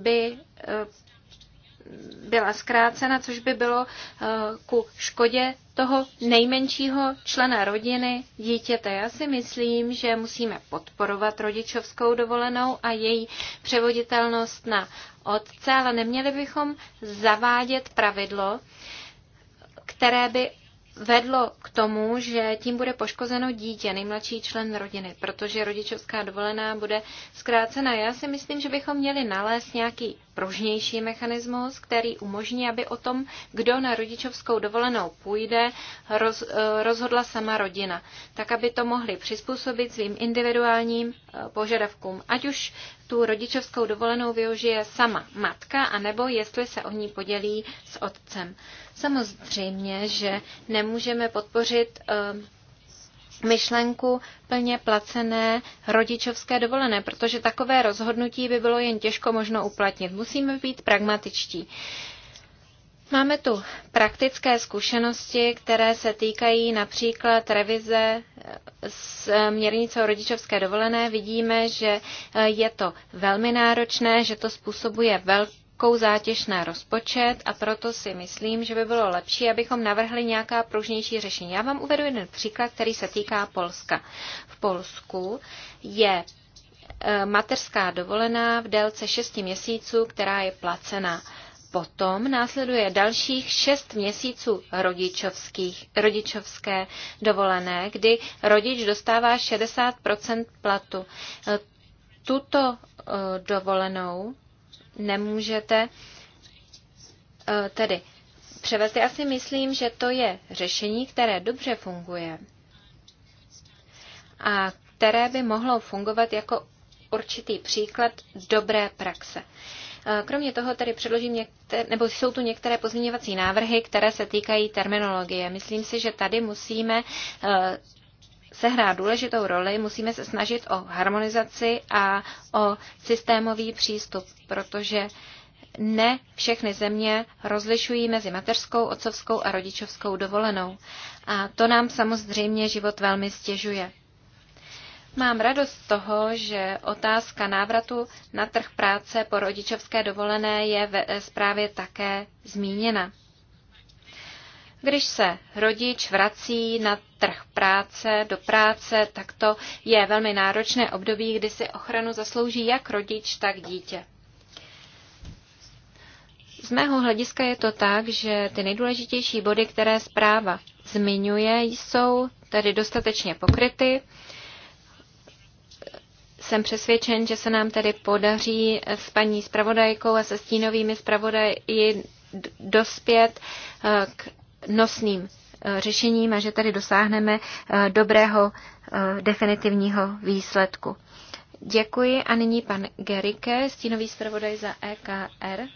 by eh, byla zkrácena, což by bylo eh, ku škodě toho nejmenšího člena rodiny, dítěte. Já si myslím, že musíme podporovat rodičovskou dovolenou a její převoditelnost na otce, ale neměli bychom zavádět pravidlo, které by vedlo k tomu, že tím bude poškozeno dítě, nejmladší člen rodiny, protože rodičovská dovolená bude zkrácena. Já si myslím, že bychom měli nalézt nějaký pružnější mechanismus, který umožní, aby o tom, kdo na rodičovskou dovolenou půjde, roz, eh, rozhodla sama rodina, tak aby to mohli přizpůsobit svým individuálním eh, požadavkům, ať už tu rodičovskou dovolenou využije sama matka, anebo jestli se o ní podělí s otcem. Samozřejmě, že nemůžeme podpořit ehm, myšlenku plně placené rodičovské dovolené, protože takové rozhodnutí by bylo jen těžko možno uplatnit. Musíme být pragmatičtí. Máme tu praktické zkušenosti, které se týkají například revize eh, směrnice eh, o rodičovské dovolené. Vidíme, že eh, je to velmi náročné, že to způsobuje velký velkou zátěž na rozpočet a proto si myslím, že by bylo lepší, abychom navrhli nějaká pružnější řešení. Já vám uvedu jeden příklad, který se týká Polska. V Polsku je e, mateřská dovolená v délce 6 měsíců, která je placená. Potom následuje dalších šest měsíců rodičovských, rodičovské dovolené, kdy rodič dostává 60 platu. E, tuto e, dovolenou nemůžete eh, tedy převést. Já si myslím, že to je řešení, které dobře funguje a které by mohlo fungovat jako určitý příklad dobré praxe. Eh, kromě toho tady předložím některé, nebo jsou tu některé pozměňovací návrhy, které se týkají terminologie. Myslím si, že tady musíme eh, sehrát důležitou roli, musíme se snažit o harmonizaci a o systémový přístup, protože ne všechny země rozlišují mezi mateřskou, otcovskou a rodičovskou dovolenou. A to nám samozřejmě život velmi stěžuje. Mám radost z toho, že otázka návratu na trh práce po rodičovské dovolené je ve eh, zprávě také zmíněna. Když se rodič vrací na trh práce, do práce, tak to je velmi náročné období, kdy si ochranu zaslouží jak rodič, tak dítě. Z mého hlediska je to tak, že ty nejdůležitější body, které zpráva zmiňuje, jsou tedy dostatečně pokryty. Jsem přesvědčen, že se nám tedy podaří s paní zpravodajkou a se stínovými zpravodaji dospět eh, k nosným eh, řešením a že tady dosáhneme eh, dobrého eh, definitivního výsledku. Děkuji a nyní pan Gerike, stínový zpravodaj za EKR.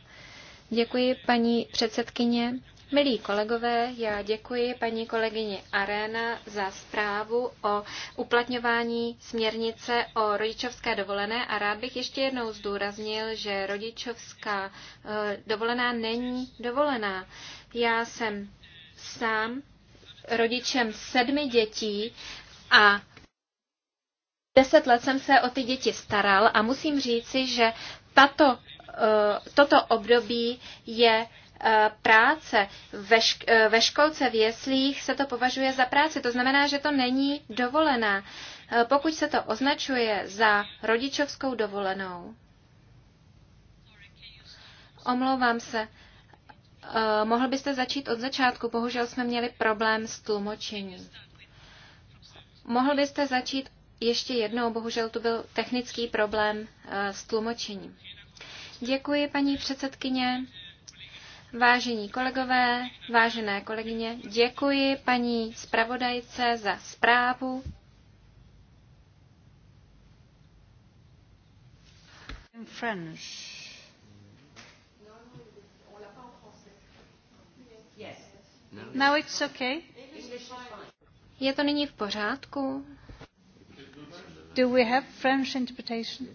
Děkuji paní předsedkyně. Milí kolegové, já děkuji paní kolegyni Arena za zprávu o uplatňování směrnice o rodičovské dovolené a rád bych ještě jednou zdůraznil, že rodičovská dovolená není dovolená. Já jsem sám rodičem sedmi dětí a deset let jsem se o ty děti staral a musím říci, že tato, eh, toto období je eh, práce. Ve, šk- eh, ve školce v jeslích se to považuje za práci, to znamená, že to není dovolená. Pokud se to označuje za rodičovskou dovolenou, omlouvám se, Eh, mohl byste začít od začátku, bohužel jsme měli problém s tlumočením. Mohl byste začít ještě jednou, bohužel tu byl technický problém eh, s tlumočením. Děkuji, paní předsedkyně. Vážení kolegové, vážené kolegyně, děkuji paní zpravodajce za zprávu. In French. Now it's okay. Je to nyní v pořádku? Do we have French interpretation?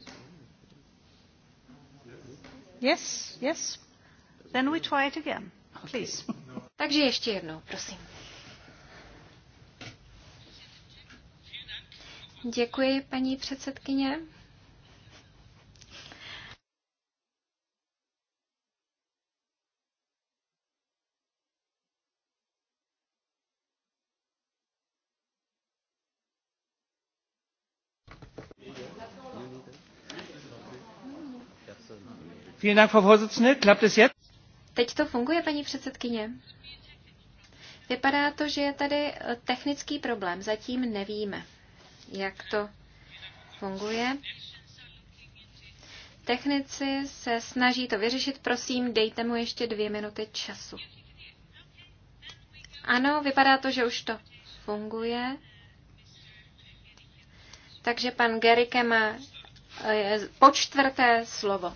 Yes, yes. Then we try it again, please. Takže ještě jednou, prosím. Děkuji, paní předsedkyně. Vielen Dank, Frau Vorsitzende. Klappt es jetzt? Teď to funguje, paní předsedkyně. Vypadá to, že je tady eh, technický problém. Zatím nevíme, jak to funguje. Technici se snaží to vyřešit. Prosím, dejte mu ještě dvě minuty času. Ano, vypadá to, že už to funguje. Takže pan Gerike má eh, po čtvrté slovo.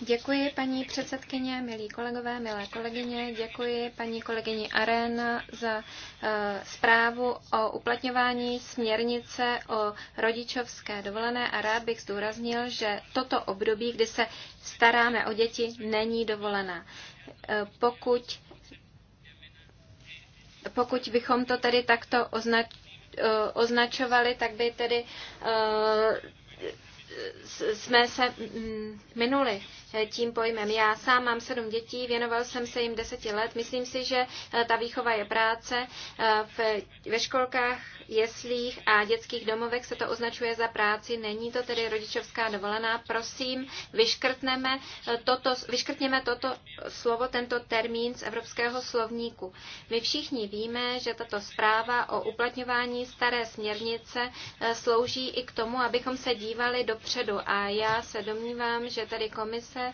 Děkuji paní předsedkyně, milí kolegové, milé kolegyně, děkuji paní kolegyni Arena za e, zprávu o uplatňování směrnice o rodičovské dovolené a rád bych zdůraznil, že toto období, kdy se staráme o děti, není dovolená. Eh, pokud, pokud bychom to tedy takto označ, eh, označovali, tak by tedy e, jsme se hm, minuli Eh, tím pojmem. Já sám mám sedm dětí, věnoval jsem se jim deseti let. Myslím si, že eh, ta výchova je práce. Eh, ve školkách, jeslích a dětských domovech se to označuje za práci. Není to tedy rodičovská dovolená. Prosím, vyškrtneme toto, vyškrtněme toto slovo, tento termín z evropského slovníku. My všichni víme, že tato zpráva o uplatňování staré směrnice slouží i k tomu, abychom se dívali dopředu. A já se domnívám, že tady komise komise,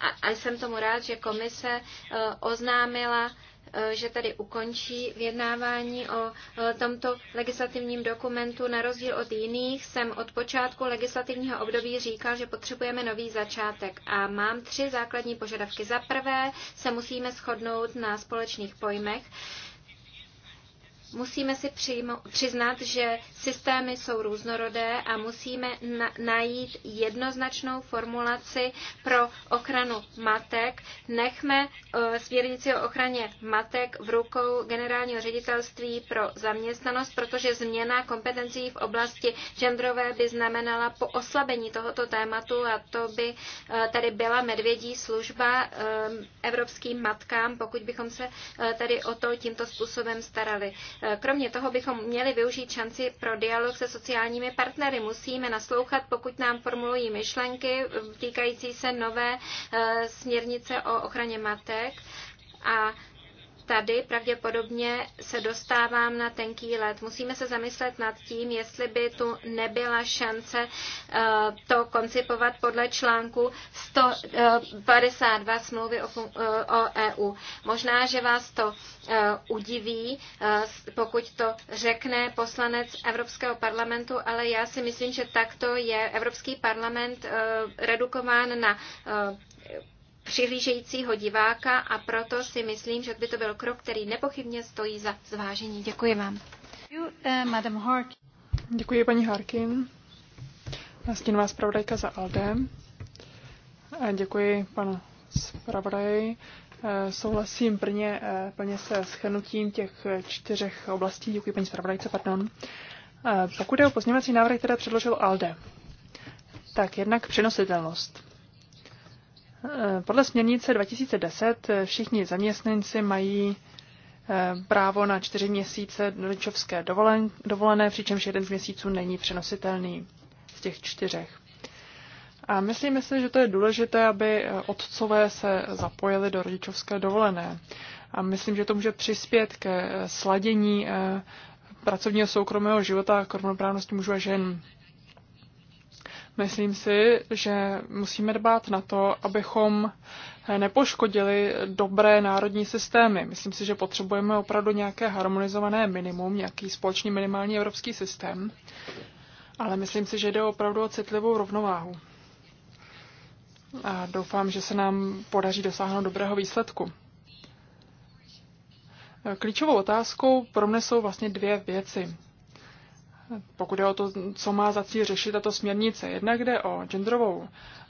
a, a jsem tomu rád, že komise eh, oznámila, eh, že tady ukončí vyjednávání o eh, tomto legislativním dokumentu. Na rozdíl od jiných jsem od počátku legislativního období říkal, že potřebujeme nový začátek a mám tři základní požadavky. Za prvé se musíme shodnout na společných pojmech. Musíme si přijmo, přiznat, že systémy jsou různorodé a musíme na, najít jednoznačnou formulaci pro ochranu matek. Nechme uh, směrnici o ochraně matek v rukou generálního ředitelství pro zaměstnanost, protože změna kompetencí v oblasti genderové by znamenala po oslabení tohoto tématu a to by uh, eh, tady byla medvědí služba um, evropským matkám, pokud bychom se uh, tady o to tímto způsobem starali. Eh, kromě toho bychom měli využít šanci pro dialog se sociálními partnery. Musíme naslouchat, pokud nám formulují myšlenky eh, týkající se nové eh, směrnice o ochraně matek a tady pravděpodobně se dostávám na tenký let. Musíme se zamyslet nad tím, jestli by tu nebyla šance eh, to koncipovat podle článku 152 eh, smlouvy o, EU. Eh, e Možná, že vás to udiví, pokud to řekne poslanec Evropského parlamentu, ale já si myslím, že takto je Evropský parlament redukován na přihlížejícího diváka a proto si myslím, že by to byl krok, který nepochybně stojí za zvážení. Děkuji vám. Eh, děkuji, paní Harkin. Nastínová zpravodajka za ALDE. Děkuji panu zpravodaji. Eh, souhlasím plně, eh, plně se schrnutím těch čtyřech oblastí. Děkuji paní zpravodajce, pardon. Pokud je o pozměňovací návrh, které předložil ALDE, tak jednak přenositelnost. Podle směrnice 2010 všichni zaměstnanci mají eh, právo na čtyři měsíce rodičovské dovolené, přičemž jeden z měsíců není přenositelný z těch čtyřech. A myslíme si, že to je důležité, aby otcové se zapojili do rodičovské dovolené. A myslím, že to může přispět ke sladění eh, pracovního soukromého života a kormoprávnosti mužů a žen. Myslím si, že musíme dbát na to, abychom nepoškodili dobré národní systémy. Myslím si, že potřebujeme opravdu nějaké harmonizované minimum, nějaký společný minimální evropský systém, ale myslím si, že jde opravdu o citlivou rovnováhu. A doufám, že se nám podaří dosáhnout dobrého výsledku. Klíčovou otázkou pro mne jsou vlastně dvě věci pokud je o to, co má za cíl řešit tato směrnice. Jednak jde o genderovou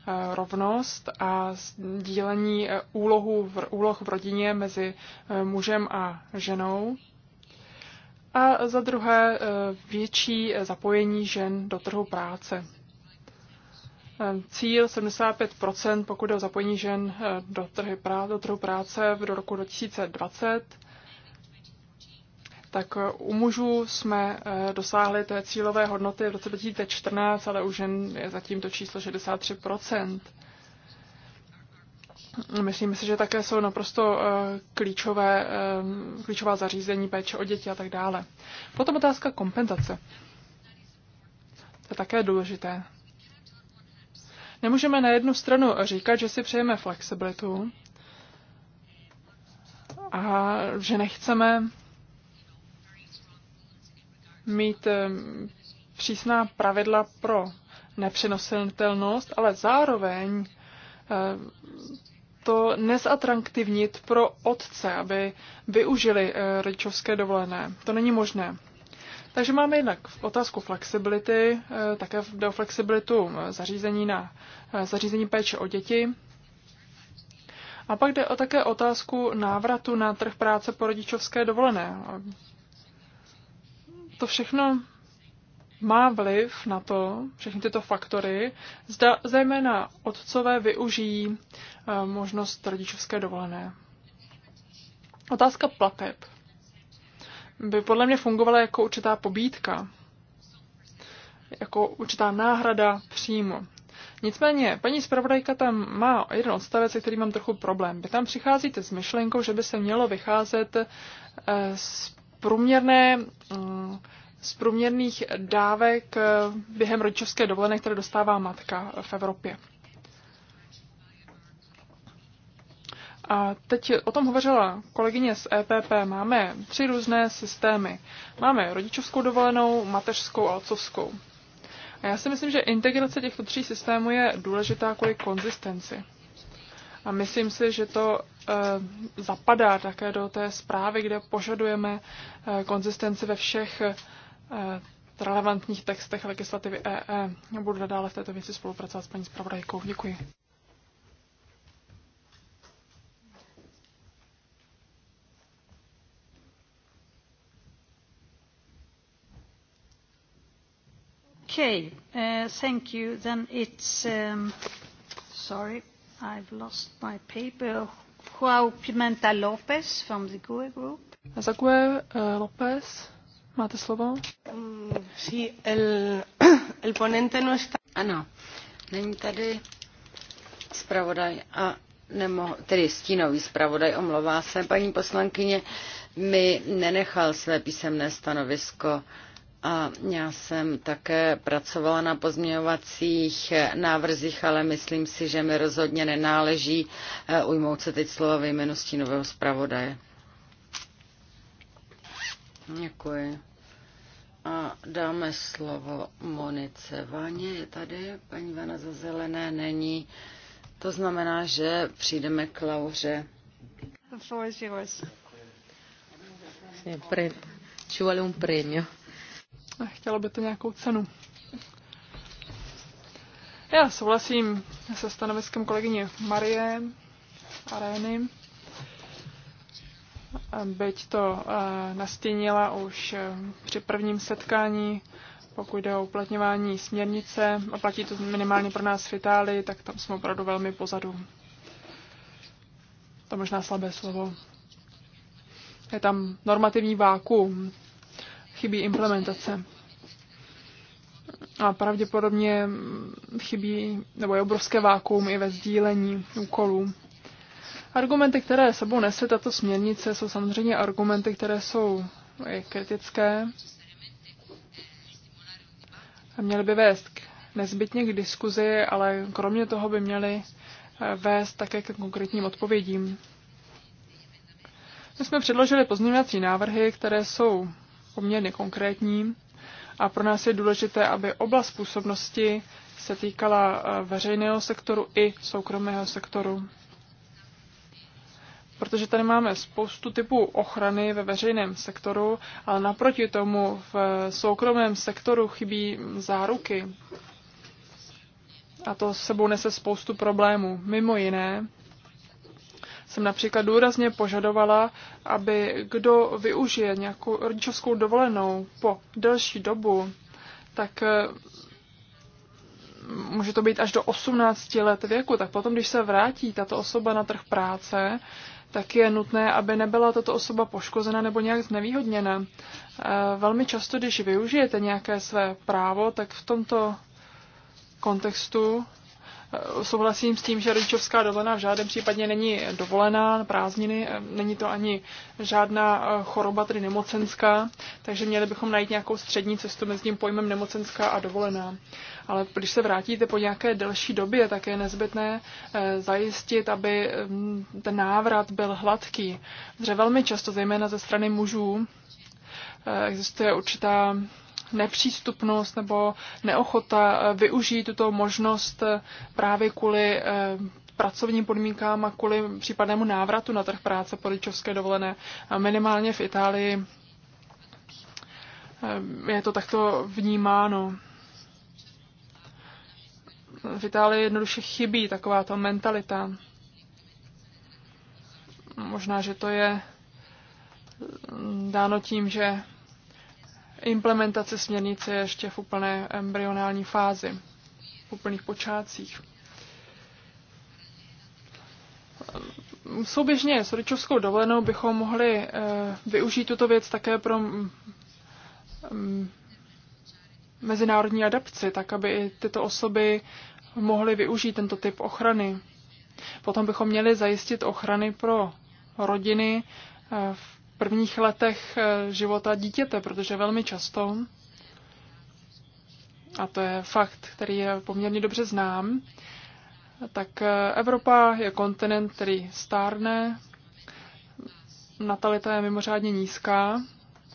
eh, rovnost a sdílení eh, úlohu v, úloh v rodině mezi eh, mužem a ženou. A za druhé větší zapojení žen do trhu práce. Cíl 75 pokud je o zapojení žen do trhu práce do roku 2020 tak eh, u mužů jsme eh, dosáhli té cílové hodnoty v roce 2014, ale u žen je zatím to číslo 63 Myslím si, že také jsou naprosto eh, klíčové, klíčová zařízení péče o děti a tak dále. Potom otázka kompenzace. To je také důležité. Nemůžeme na jednu stranu říkat, že si přejeme flexibilitu a že nechceme mít eh, přísná pravidla pro nepřenositelnost, ale zároveň eh, to nezatraktivnit pro otce, aby využili eh, rodičovské dovolené. To není možné. Takže máme jednak otázku flexibility, také jde flexibilitu zařízení na zařízení péče o děti. A pak jde o také otázku návratu na trh práce po rodičovské dovolené to všechno má vliv na to, všechny tyto faktory, zda zejména otcové využijí eh, možnost rodičovské dovolené. Otázka plateb by podle mě fungovala jako určitá pobídka, jako určitá náhrada přímo. Nicméně, paní zpravodajka tam má jeden odstavec, se kterým mám trochu problém. Vy tam přicházíte s myšlenkou, že by se mělo vycházet eh, z průměrné, mm, z průměrných dávek eh, během rodičovské dovolené, které dostává matka v Evropě. A teď o tom hovořila kolegyně z EPP. Máme tři různé systémy. Máme rodičovskou dovolenou, mateřskou a otcovskou. A já si myslím, že integrace těchto tří systémů je důležitá kvůli konzistenci. A myslím si, že to eh, zapadá také do té zprávy, kde požadujeme eh, konzistenci ve všech eh, relevantních textech legislativy EE. E. Budu nadále v této věci spolupracovat s paní zpravodajkou. Děkuji. Okay, uh, thank you. Then it's, um, sorry, I've lost my paper. Joao Pimenta Lopez from the GUE group. Za GUE uh, eh, Lopez. Máte slovo? Mm, sí, el, el ponente no está. Ano, není tady zpravodaj a nemohl, tedy stínový zpravodaj, omlouvá se paní poslankyně, mi nenechal své písemné stanovisko uh, a já jsem také pracovala na pozměňovacích návrzích, ale myslím si, že mi rozhodně nenáleží eh, ujmout se teď slova ve jménu nového zpravodaje. Děkuji. A dáme slovo Monice Váně. Je tady paní Vana za zelené? Není. To znamená, že přijdeme k Lauře. Děkuji. Děkuji. Děkuji. Děkuji. Děkuji. Děkuji. Děkuji. premio a chtělo by to nějakou cenu. Já souhlasím se stanoviskem kolegyně Marie Arény, byť to eh, nastínila už eh, při prvním setkání pokud jde o uplatňování směrnice, a platí to minimálně pro nás v Itálii, tak tam jsme opravdu velmi pozadu. To možná slabé slovo. Je tam normativní vákuum, chybí implementace. A pravděpodobně chybí, nebo je obrovské vákuum i ve sdílení úkolů. Argumenty, které sebou nese tato směrnice, jsou samozřejmě argumenty, které jsou kritické. A měly by vést k, nezbytně k diskuzi, ale kromě toho by měly eh, vést také k konkrétním odpovědím. My jsme předložili pozměňovací návrhy, které jsou poměrně konkrétní a pro nás je důležité, aby oblast působnosti se týkala eh, veřejného sektoru i soukromého sektoru. Protože tady máme spoustu typů ochrany ve veřejném sektoru, ale naproti tomu v soukromém sektoru chybí záruky. A to sebou nese spoustu problémů. Mimo jiné, jsem například důrazně požadovala, aby kdo využije nějakou rodičovskou dovolenou po delší dobu, tak eh, může to být až do 18 let věku, tak potom, když se vrátí tato osoba na trh práce, tak je nutné, aby nebyla tato osoba poškozena nebo nějak znevýhodněna. Eh, velmi často, když využijete nějaké své právo, tak v tomto kontextu souhlasím s tím, že rodičovská dovolená v žádném případě není dovolená, prázdniny, eh, není to ani žádná eh, choroba, tedy nemocenská, takže měli bychom najít nějakou střední cestu mezi tím pojmem nemocenská a dovolená. Ale když se vrátíte po nějaké delší době, tak je nezbytné eh, zajistit, aby mm, ten návrat byl hladký. Zře velmi často, zejména ze strany mužů, existuje určitá nepřístupnost nebo neochota eh, využít tuto možnost eh, právě kvůli eh, pracovním podmínkám a kvůli případnému návratu na trh práce po ličovské dovolené. Minimálně v Itálii je to takto vnímáno. V Itálii jednoduše chybí taková ta mentalita. Možná, že to je mm, dáno tím, že Implementace směrnice je ještě v úplné embryonální fázi, v úplných počátcích. Souběžně s rodičovskou dovolenou bychom mohli eh, využít tuto věc také pro mm, mm, mezinárodní adapci, tak aby i tyto osoby mohly využít tento typ ochrany. Potom bychom měli zajistit ochrany pro rodiny eh, v prvních letech eh, života dítěte, protože velmi často, a to je fakt, který je poměrně dobře znám, tak eh, Evropa je kontinent, který stárne, natalita je mimořádně nízká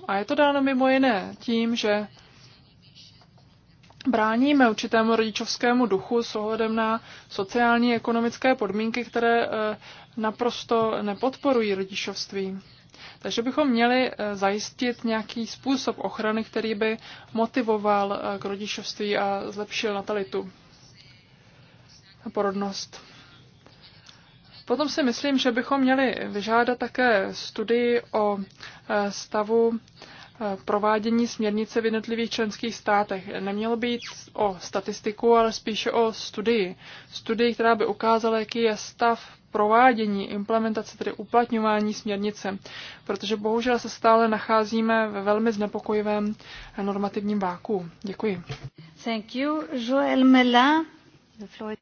a je to dáno mimo jiné tím, že bráníme určitému rodičovskému duchu s ohledem na sociální a ekonomické podmínky, které eh, naprosto nepodporují rodičovství. Takže bychom měli eh, zajistit nějaký způsob ochrany, který by motivoval eh, k rodičovství a zlepšil natalitu a porodnost. Potom si myslím, že bychom měli vyžádat také studii o eh, stavu provádění směrnice v jednotlivých členských státech. Nemělo být o statistiku, ale spíše o studii. Studii, která by ukázala, jaký je stav provádění, implementace, tedy uplatňování směrnice. Protože bohužel se stále nacházíme ve velmi znepokojivém normativním váku. Děkuji. Thank you. Joël Mela.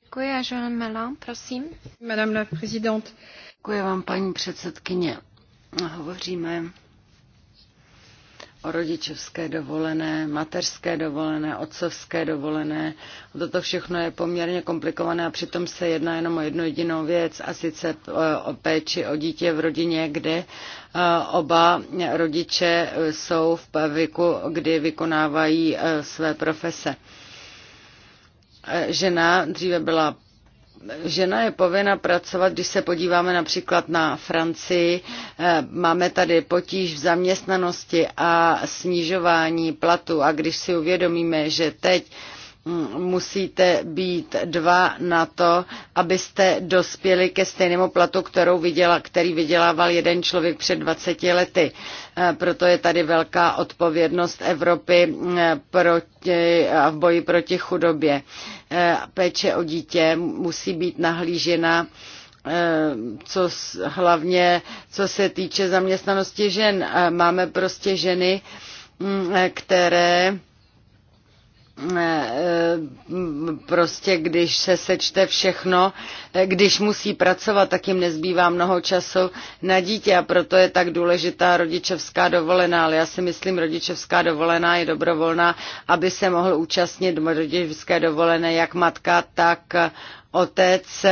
Děkuji Joël Mela, prosím. Madame la présidente. Děkuji vám, paní předsedkyně. Hovoříme o rodičovské dovolené, mateřské dovolené, otcovské dovolené. Toto všechno je poměrně komplikované a přitom se jedná jenom o jednu jedinou věc a sice e, o péči o dítě v rodině, kde e, oba rodiče e, jsou v věku, kdy vykonávají své profese žena dříve byla žena je povinna pracovat, když se podíváme například na Francii, eh, máme tady potíž v zaměstnanosti a snižování platu a když si uvědomíme, že teď mm, musíte být dva na to, abyste dospěli ke stejnému platu, kterou viděla, který vydělával jeden člověk před 20 lety. Eh, proto je tady velká odpovědnost Evropy eh, proti, v boji proti chudobě. Eh, péče o dítě musí být nahlížena eh, co hlavně co se týče zaměstnanosti žen. Máme prostě ženy, mm, eh, které prostě když se sečte všechno, když musí pracovat, tak jim nezbývá mnoho času na dítě a proto je tak důležitá rodičovská dovolená, ale já si myslím, rodičovská dovolená je dobrovolná, aby se mohl účastnit rodičovské dovolené jak matka, tak otec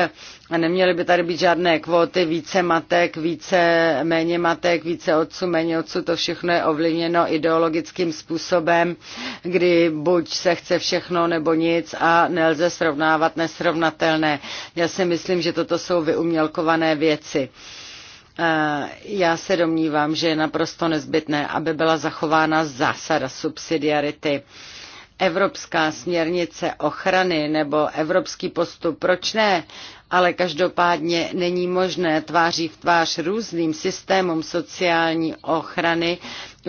a neměly by tady být žádné kvóty, více matek, více, méně matek, více otců, méně otců, to všechno je ovlivněno ideologickým způsobem, kdy buď se chce všechno nebo nic a nelze srovnávat nesrovnatelné. Já si myslím, že toto jsou vyumělkované věci. Eh, já se domnívám, že je naprosto nezbytné, aby byla zachována zásada subsidiarity evropská směrnice ochrany nebo evropský postup, proč ne? Ale každopádně není možné tváří v tvář různým systémům sociální ochrany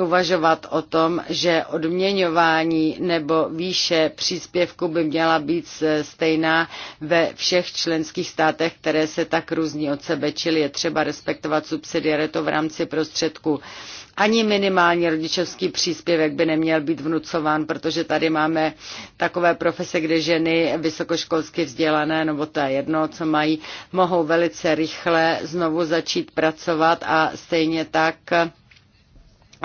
uvažovat o tom, že odměňování nebo výše příspěvku by měla být stejná ve všech členských státech, které se tak různí od sebe, čili je třeba respektovat subsidiaritu v rámci prostředků. Ani minimální rodičovský příspěvek by neměl být vnucován, protože tady máme takové profese, kde ženy vysokoškolsky vzdělané, nebo to je jedno, co mají, mohou velice rychle znovu začít pracovat a stejně tak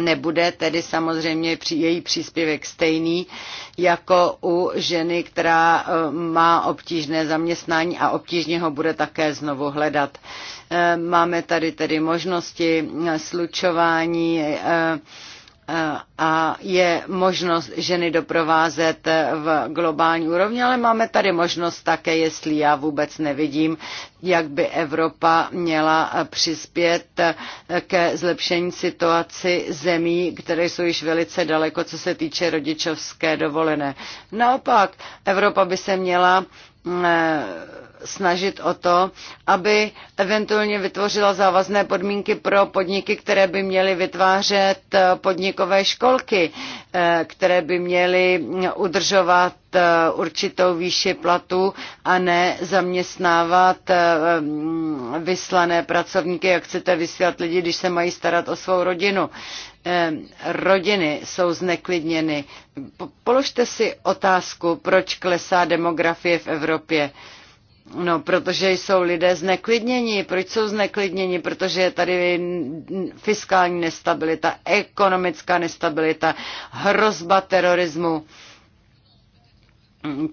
nebude tedy samozřejmě její příspěvek stejný jako u ženy, která eh, má obtížné zaměstnání a obtížně ho bude také znovu hledat. Eh, máme tady tedy možnosti slučování eh, a je možnost ženy doprovázet v globální úrovni, ale máme tady možnost také, jestli já vůbec nevidím, jak by Evropa měla přispět ke zlepšení situaci zemí, které jsou již velice daleko, co se týče rodičovské dovolené. Naopak, Evropa by se měla eh, snažit o to, aby eventuálně vytvořila závazné podmínky pro podniky, které by měly vytvářet eh, podnikové školky, eh, které by měly udržovat eh, určitou výši platu a ne zaměstnávat mm, vyslané pracovníky, jak chcete vysílat lidi, když se mají starat o svou rodinu. Rodiny jsou zneklidněny. Položte si otázku, proč klesá demografie v Evropě. No, protože jsou lidé zneklidněni. Proč jsou zneklidněni? Protože je tady fiskální nestabilita, ekonomická nestabilita, hrozba terorismu.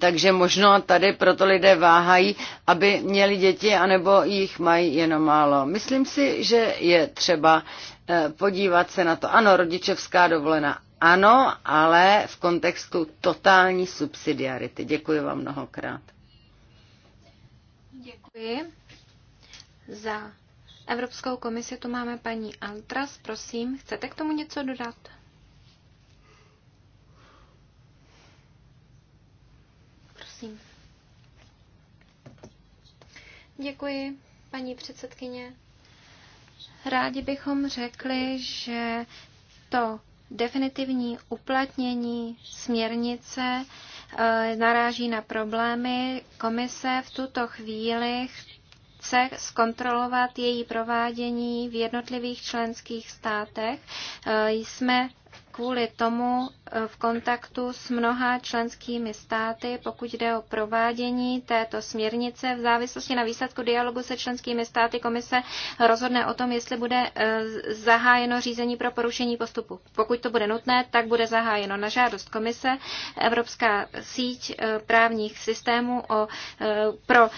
Takže možno tady proto lidé váhají, aby měli děti, anebo jich mají jenom málo. Myslím si, že je třeba eh, podívat se na to. Ano, rodičovská dovolená. Ano, ale v kontextu totální subsidiarity. Děkuji vám mnohokrát. Děkuji. Za Evropskou komisi tu máme paní Altras. Prosím, chcete k tomu něco dodat? Prosím. Děkuji, paní předsedkyně. Rádi bychom řekli, že to definitivní uplatnění směrnice Eh, naráží na problémy. Komise v tuto chvíli chce zkontrolovat její provádění v jednotlivých členských státech. Eh, jsme kvůli tomu eh, v kontaktu s mnoha členskými státy, pokud jde o provádění této směrnice. V závislosti na výsledku dialogu se členskými státy komise rozhodne o tom, jestli bude eh, zahájeno řízení pro porušení postupu. Pokud to bude nutné, tak bude zahájeno na žádost komise Evropská síť eh, právních systémů o, pro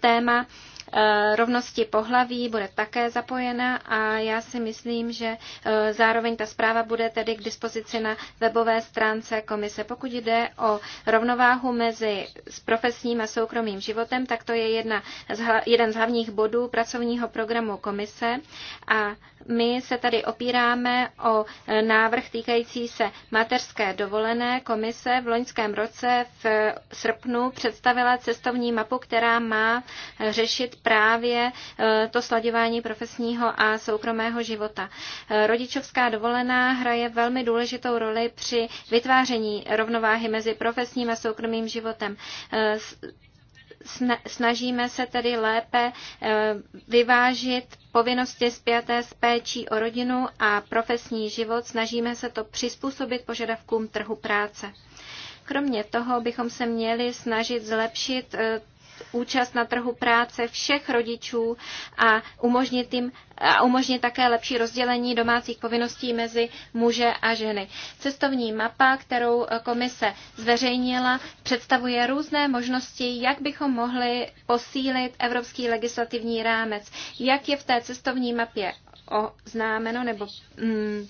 téma Eh, rovnosti pohlaví bude také zapojena a já si myslím, že eh, zároveň ta zpráva bude tedy k dispozici na webové stránce komise. Pokud jde o rovnováhu mezi profesním a soukromým životem, tak to je jedna z, jeden z hlavních bodů pracovního programu komise a my se tady opíráme o eh, návrh týkající se mateřské dovolené. Komise v loňském roce v srpnu představila cestovní mapu, která má řešit právě eh, to sladěvání profesního a soukromého života. Eh, rodičovská dovolená hraje velmi důležitou roli při vytváření rovnováhy mezi profesním a soukromým životem eh, snažíme se tedy lépe vyvážit povinnosti zpěté s péčí o rodinu a profesní život, snažíme se to přizpůsobit požadavkům trhu práce. Kromě toho bychom se měli snažit zlepšit účast na trhu práce všech rodičů a umožnit, jim, a umožnit také lepší rozdělení domácích povinností mezi muže a ženy. Cestovní mapa, kterou komise zveřejnila, představuje různé možnosti, jak bychom mohli posílit evropský legislativní rámec, jak je v té cestovní mapě oznámeno nebo mm,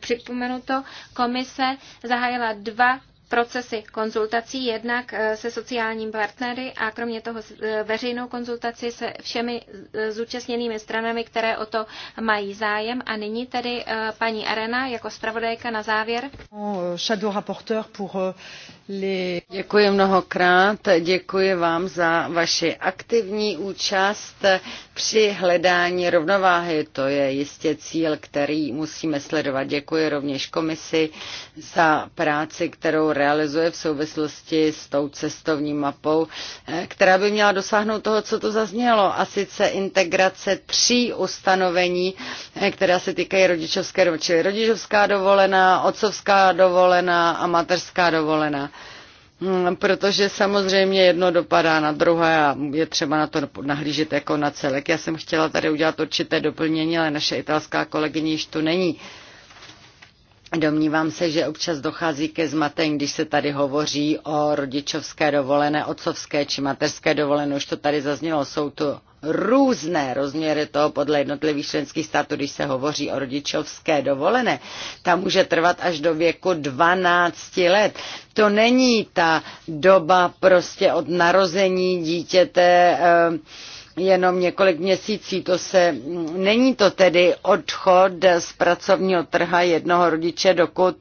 připomenuto, komise zahájila dva procesy konzultací jednak eh, se sociálními partnery a kromě toho eh, veřejnou konzultaci se všemi eh, zúčastněnými stranami, které o to mají zájem. A nyní tedy paní Arena jako zpravodajka na závěr. Shadow rapporteur pour Děkuji mnohokrát, děkuji vám za vaši aktivní účast při hledání rovnováhy. To je jistě cíl, který musíme sledovat. Děkuji rovněž komisi za práci, kterou realizuje v souvislosti s tou cestovní mapou, eh, která by měla dosáhnout toho, co to zaznělo, a sice integrace tří ustanovení, eh, která se týkají rodičovské, čili rodičovská dovolená, otcovská dovolená a materská dovolená Mm, protože samozřejmě jedno dopadá na druhé a je třeba na to nahlížet jako na celek. Já jsem chtěla tady udělat určité doplnění, ale naše italská kolegyně již tu není. Domnívám se, že občas dochází ke zmatení, když se tady hovoří o rodičovské dovolené, otcovské či materské dovolené, už to tady zaznělo, jsou to různé rozměry toho podle jednotlivých členských států, když se hovoří o rodičovské dovolené. Ta může trvat až do věku 12 let. To není ta doba prostě od narození dítěte. Eh, jenom několik měsíců. To se, není to tedy odchod z pracovního trhu jednoho rodiče, dokud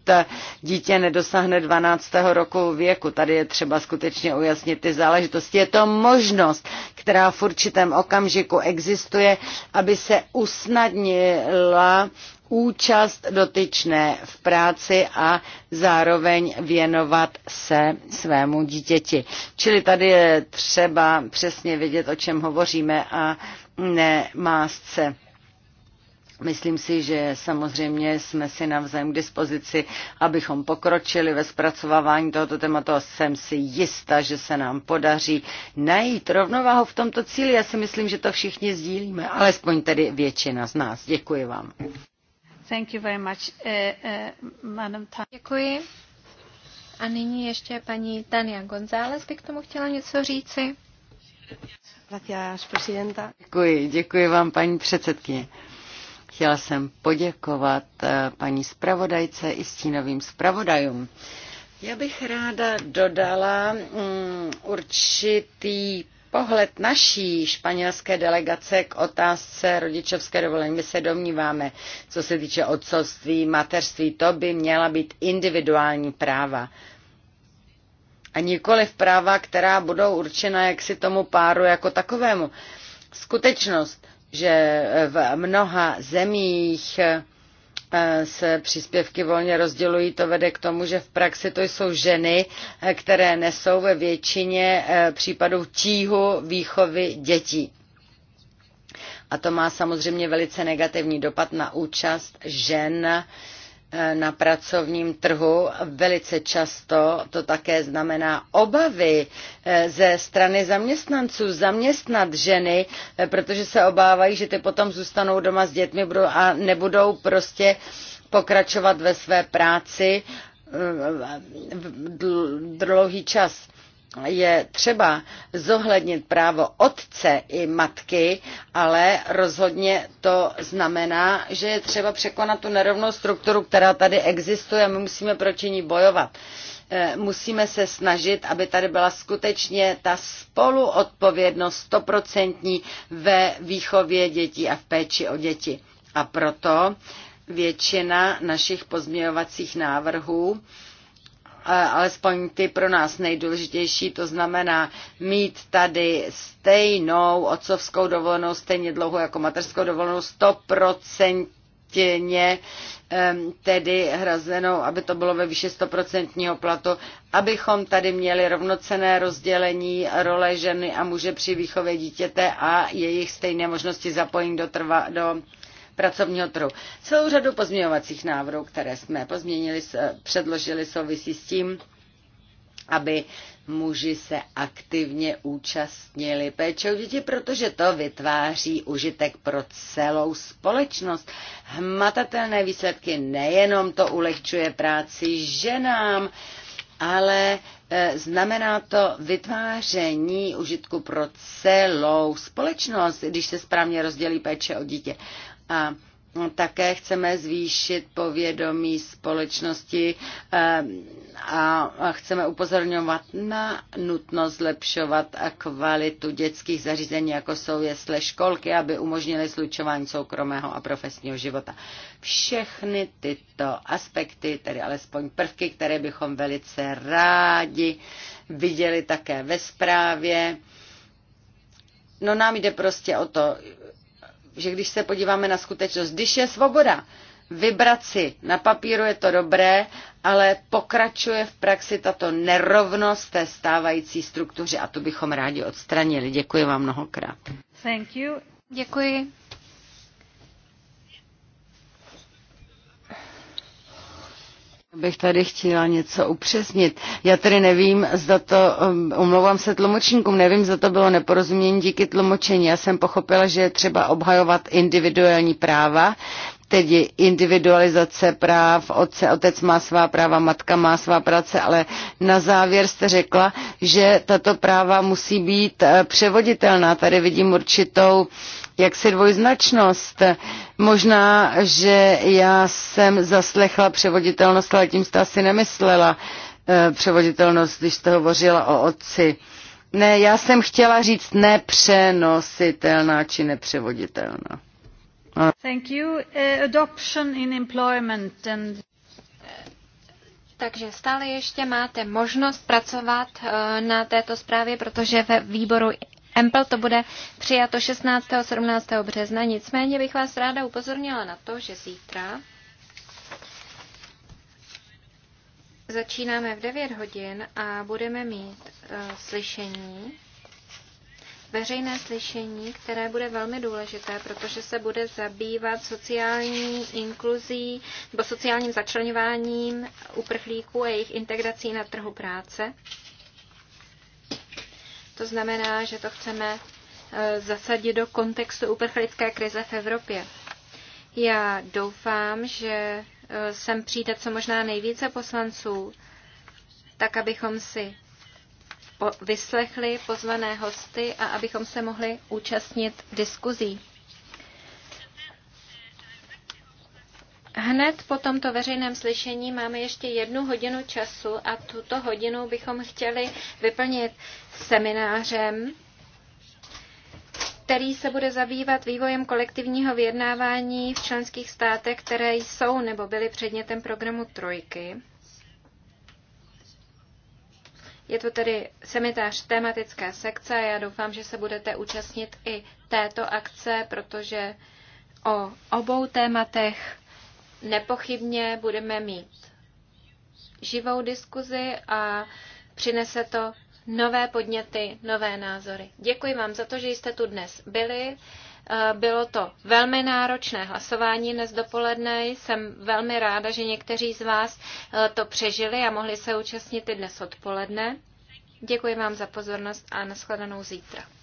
dítě nedosáhne 12. roku věku. Tady je třeba skutečně ujasnit ty záležitosti. Je to možnost, která v určitém okamžiku existuje, aby se usnadnila účast dotyčné v práci a zároveň věnovat se svému dítěti. Čili tady je třeba přesně vědět, o čem hovoříme a nemást se. Myslím si, že samozřejmě jsme si navzájem k dispozici, abychom pokročili ve zpracovávání tohoto tématu a jsem si jista, že se nám podaří najít rovnováhu v tomto cíli. Já si myslím, že to všichni sdílíme, alespoň tedy většina z nás. Děkuji vám. Eh, eh, děkuji. A nyní ještě paní Tania González by k tomu chtěla něco říci. Děkuji, děkuji vám, paní předsedkyně. Chtěla jsem poděkovat eh, paní zpravodajce i stínovým zpravodajům. Já bych ráda dodala um, určitý Pohled naší španělské delegace k otázce rodičovské dovolení, my se domníváme, co se týče otcovství, mateřství, to by měla být individuální práva. A nikoli v práva, která budou určena jaksi tomu páru jako takovému. Skutečnost, že v mnoha zemích E, se příspěvky volně rozdělují, to vede k tomu, že v praxi to jsou ženy, e, které nesou ve většině e, případů tíhu výchovy dětí. A to má samozřejmě velice negativní dopad na účast žen Eh, na pracovním trhu. Velice často to také znamená obavy eh, ze strany zaměstnanců zaměstnat ženy, eh, protože se obávají, že ty potom zůstanou doma s dětmi a nebudou prostě pokračovat ve své práci dlouhý čas je třeba zohlednit právo otce i matky, ale rozhodně to znamená, že je třeba překonat tu nerovnou strukturu, která tady existuje a my musíme proti ní bojovat. Eh, musíme se snažit, aby tady byla skutečně ta spoluodpovědnost stoprocentní ve výchově dětí a v péči o děti. A proto většina našich pozměňovacích návrhů alespoň ty pro nás nejdůležitější, to znamená mít tady stejnou otcovskou dovolenou, stejně dlouhou jako materskou dovolenou, 100% tedy hrazenou, aby to bylo ve výši 100% platu, abychom tady měli rovnocené rozdělení role ženy a muže při výchově dítěte a jejich stejné možnosti zapojení do, trva, do pracovního trhu. Celou řadu pozměňovacích návrhů, které jsme pozměnili, předložili, souvisí s tím, aby muži se aktivně účastnili péče o děti, protože to vytváří užitek pro celou společnost. Hmatatelné výsledky nejenom to ulehčuje práci ženám, ale e, znamená to vytváření užitku pro celou společnost, když se správně rozdělí péče o dítě. A také chceme zvýšit povědomí společnosti eh, a chceme upozorňovat na nutnost zlepšovat kvalitu dětských zařízení, jako jsou jesle školky, aby umožnili slučování soukromého a profesního života. Všechny tyto aspekty, tedy alespoň prvky, které bychom velice rádi viděli také ve zprávě, No nám jde prostě o to, že když se podíváme na skutečnost, když je svoboda vybrat si, na papíru je to dobré, ale pokračuje v praxi tato nerovnost té stávající struktuře a to bychom rádi odstranili. Děkuji vám mnohokrát. Thank you. Děkuji. bych tady chtěla něco upřesnit. Já tady nevím, zda to, um, omlouvám se tlumočníkům, nevím, zda to bylo neporozumění díky tlumočení. Já jsem pochopila, že je třeba obhajovat individuální práva, tedy individualizace práv, otce, otec má svá práva, matka má svá práce, ale na závěr jste řekla, že tato práva musí být eh, převoditelná. Tady vidím určitou uh, jaksi dvojznačnost. Možná, že já jsem zaslechla převoditelnost, ale tím jste asi nemyslela eh, převoditelnost, když jste hovořila o otci. Ne, já jsem chtěla říct nepřenositelná či nepřevoditelná. Thank you. Uh, adoption in employment and... Takže stále ještě máte možnost pracovat eh, na této zprávě, protože ve výboru Empel to bude přijato 16. 17. března, nicméně bych vás ráda upozornila na to, že zítra začínáme v 9 hodin a budeme mít uh, slyšení, veřejné slyšení, které bude velmi důležité, protože se bude zabývat sociální inkluzí nebo sociálním začlenováním uprchlíků a jejich integrací na trhu práce. To znamená, že to chceme eh, zasadit do kontextu uprchlické krize v Evropě. Já doufám, že eh, sem přijde co možná nejvíce poslanců, tak abychom si vyslechli pozvané hosty a abychom se mohli účastnit diskuzí. Hned po tomto veřejném slyšení máme ještě jednu hodinu času a tuto hodinu bychom chtěli vyplnit seminářem, který se bude zabývat vývojem kolektivního vyjednávání v členských státech, které jsou nebo byly předmětem programu Trojky. Je to tedy semitář tematické sekce a já doufám, že se budete účastnit i této akce, protože o obou tématech nepochybně budeme mít živou diskuzi a přinese to nové podněty, nové názory. Děkuji vám za to, že jste tu dnes byli. Eh, bylo to velmi náročné hlasování dnes dopoledne. Jsem velmi ráda, že někteří z vás eh, to přežili a mohli se účastnit i dnes odpoledne. Děkuji vám za pozornost a nashledanou zítra.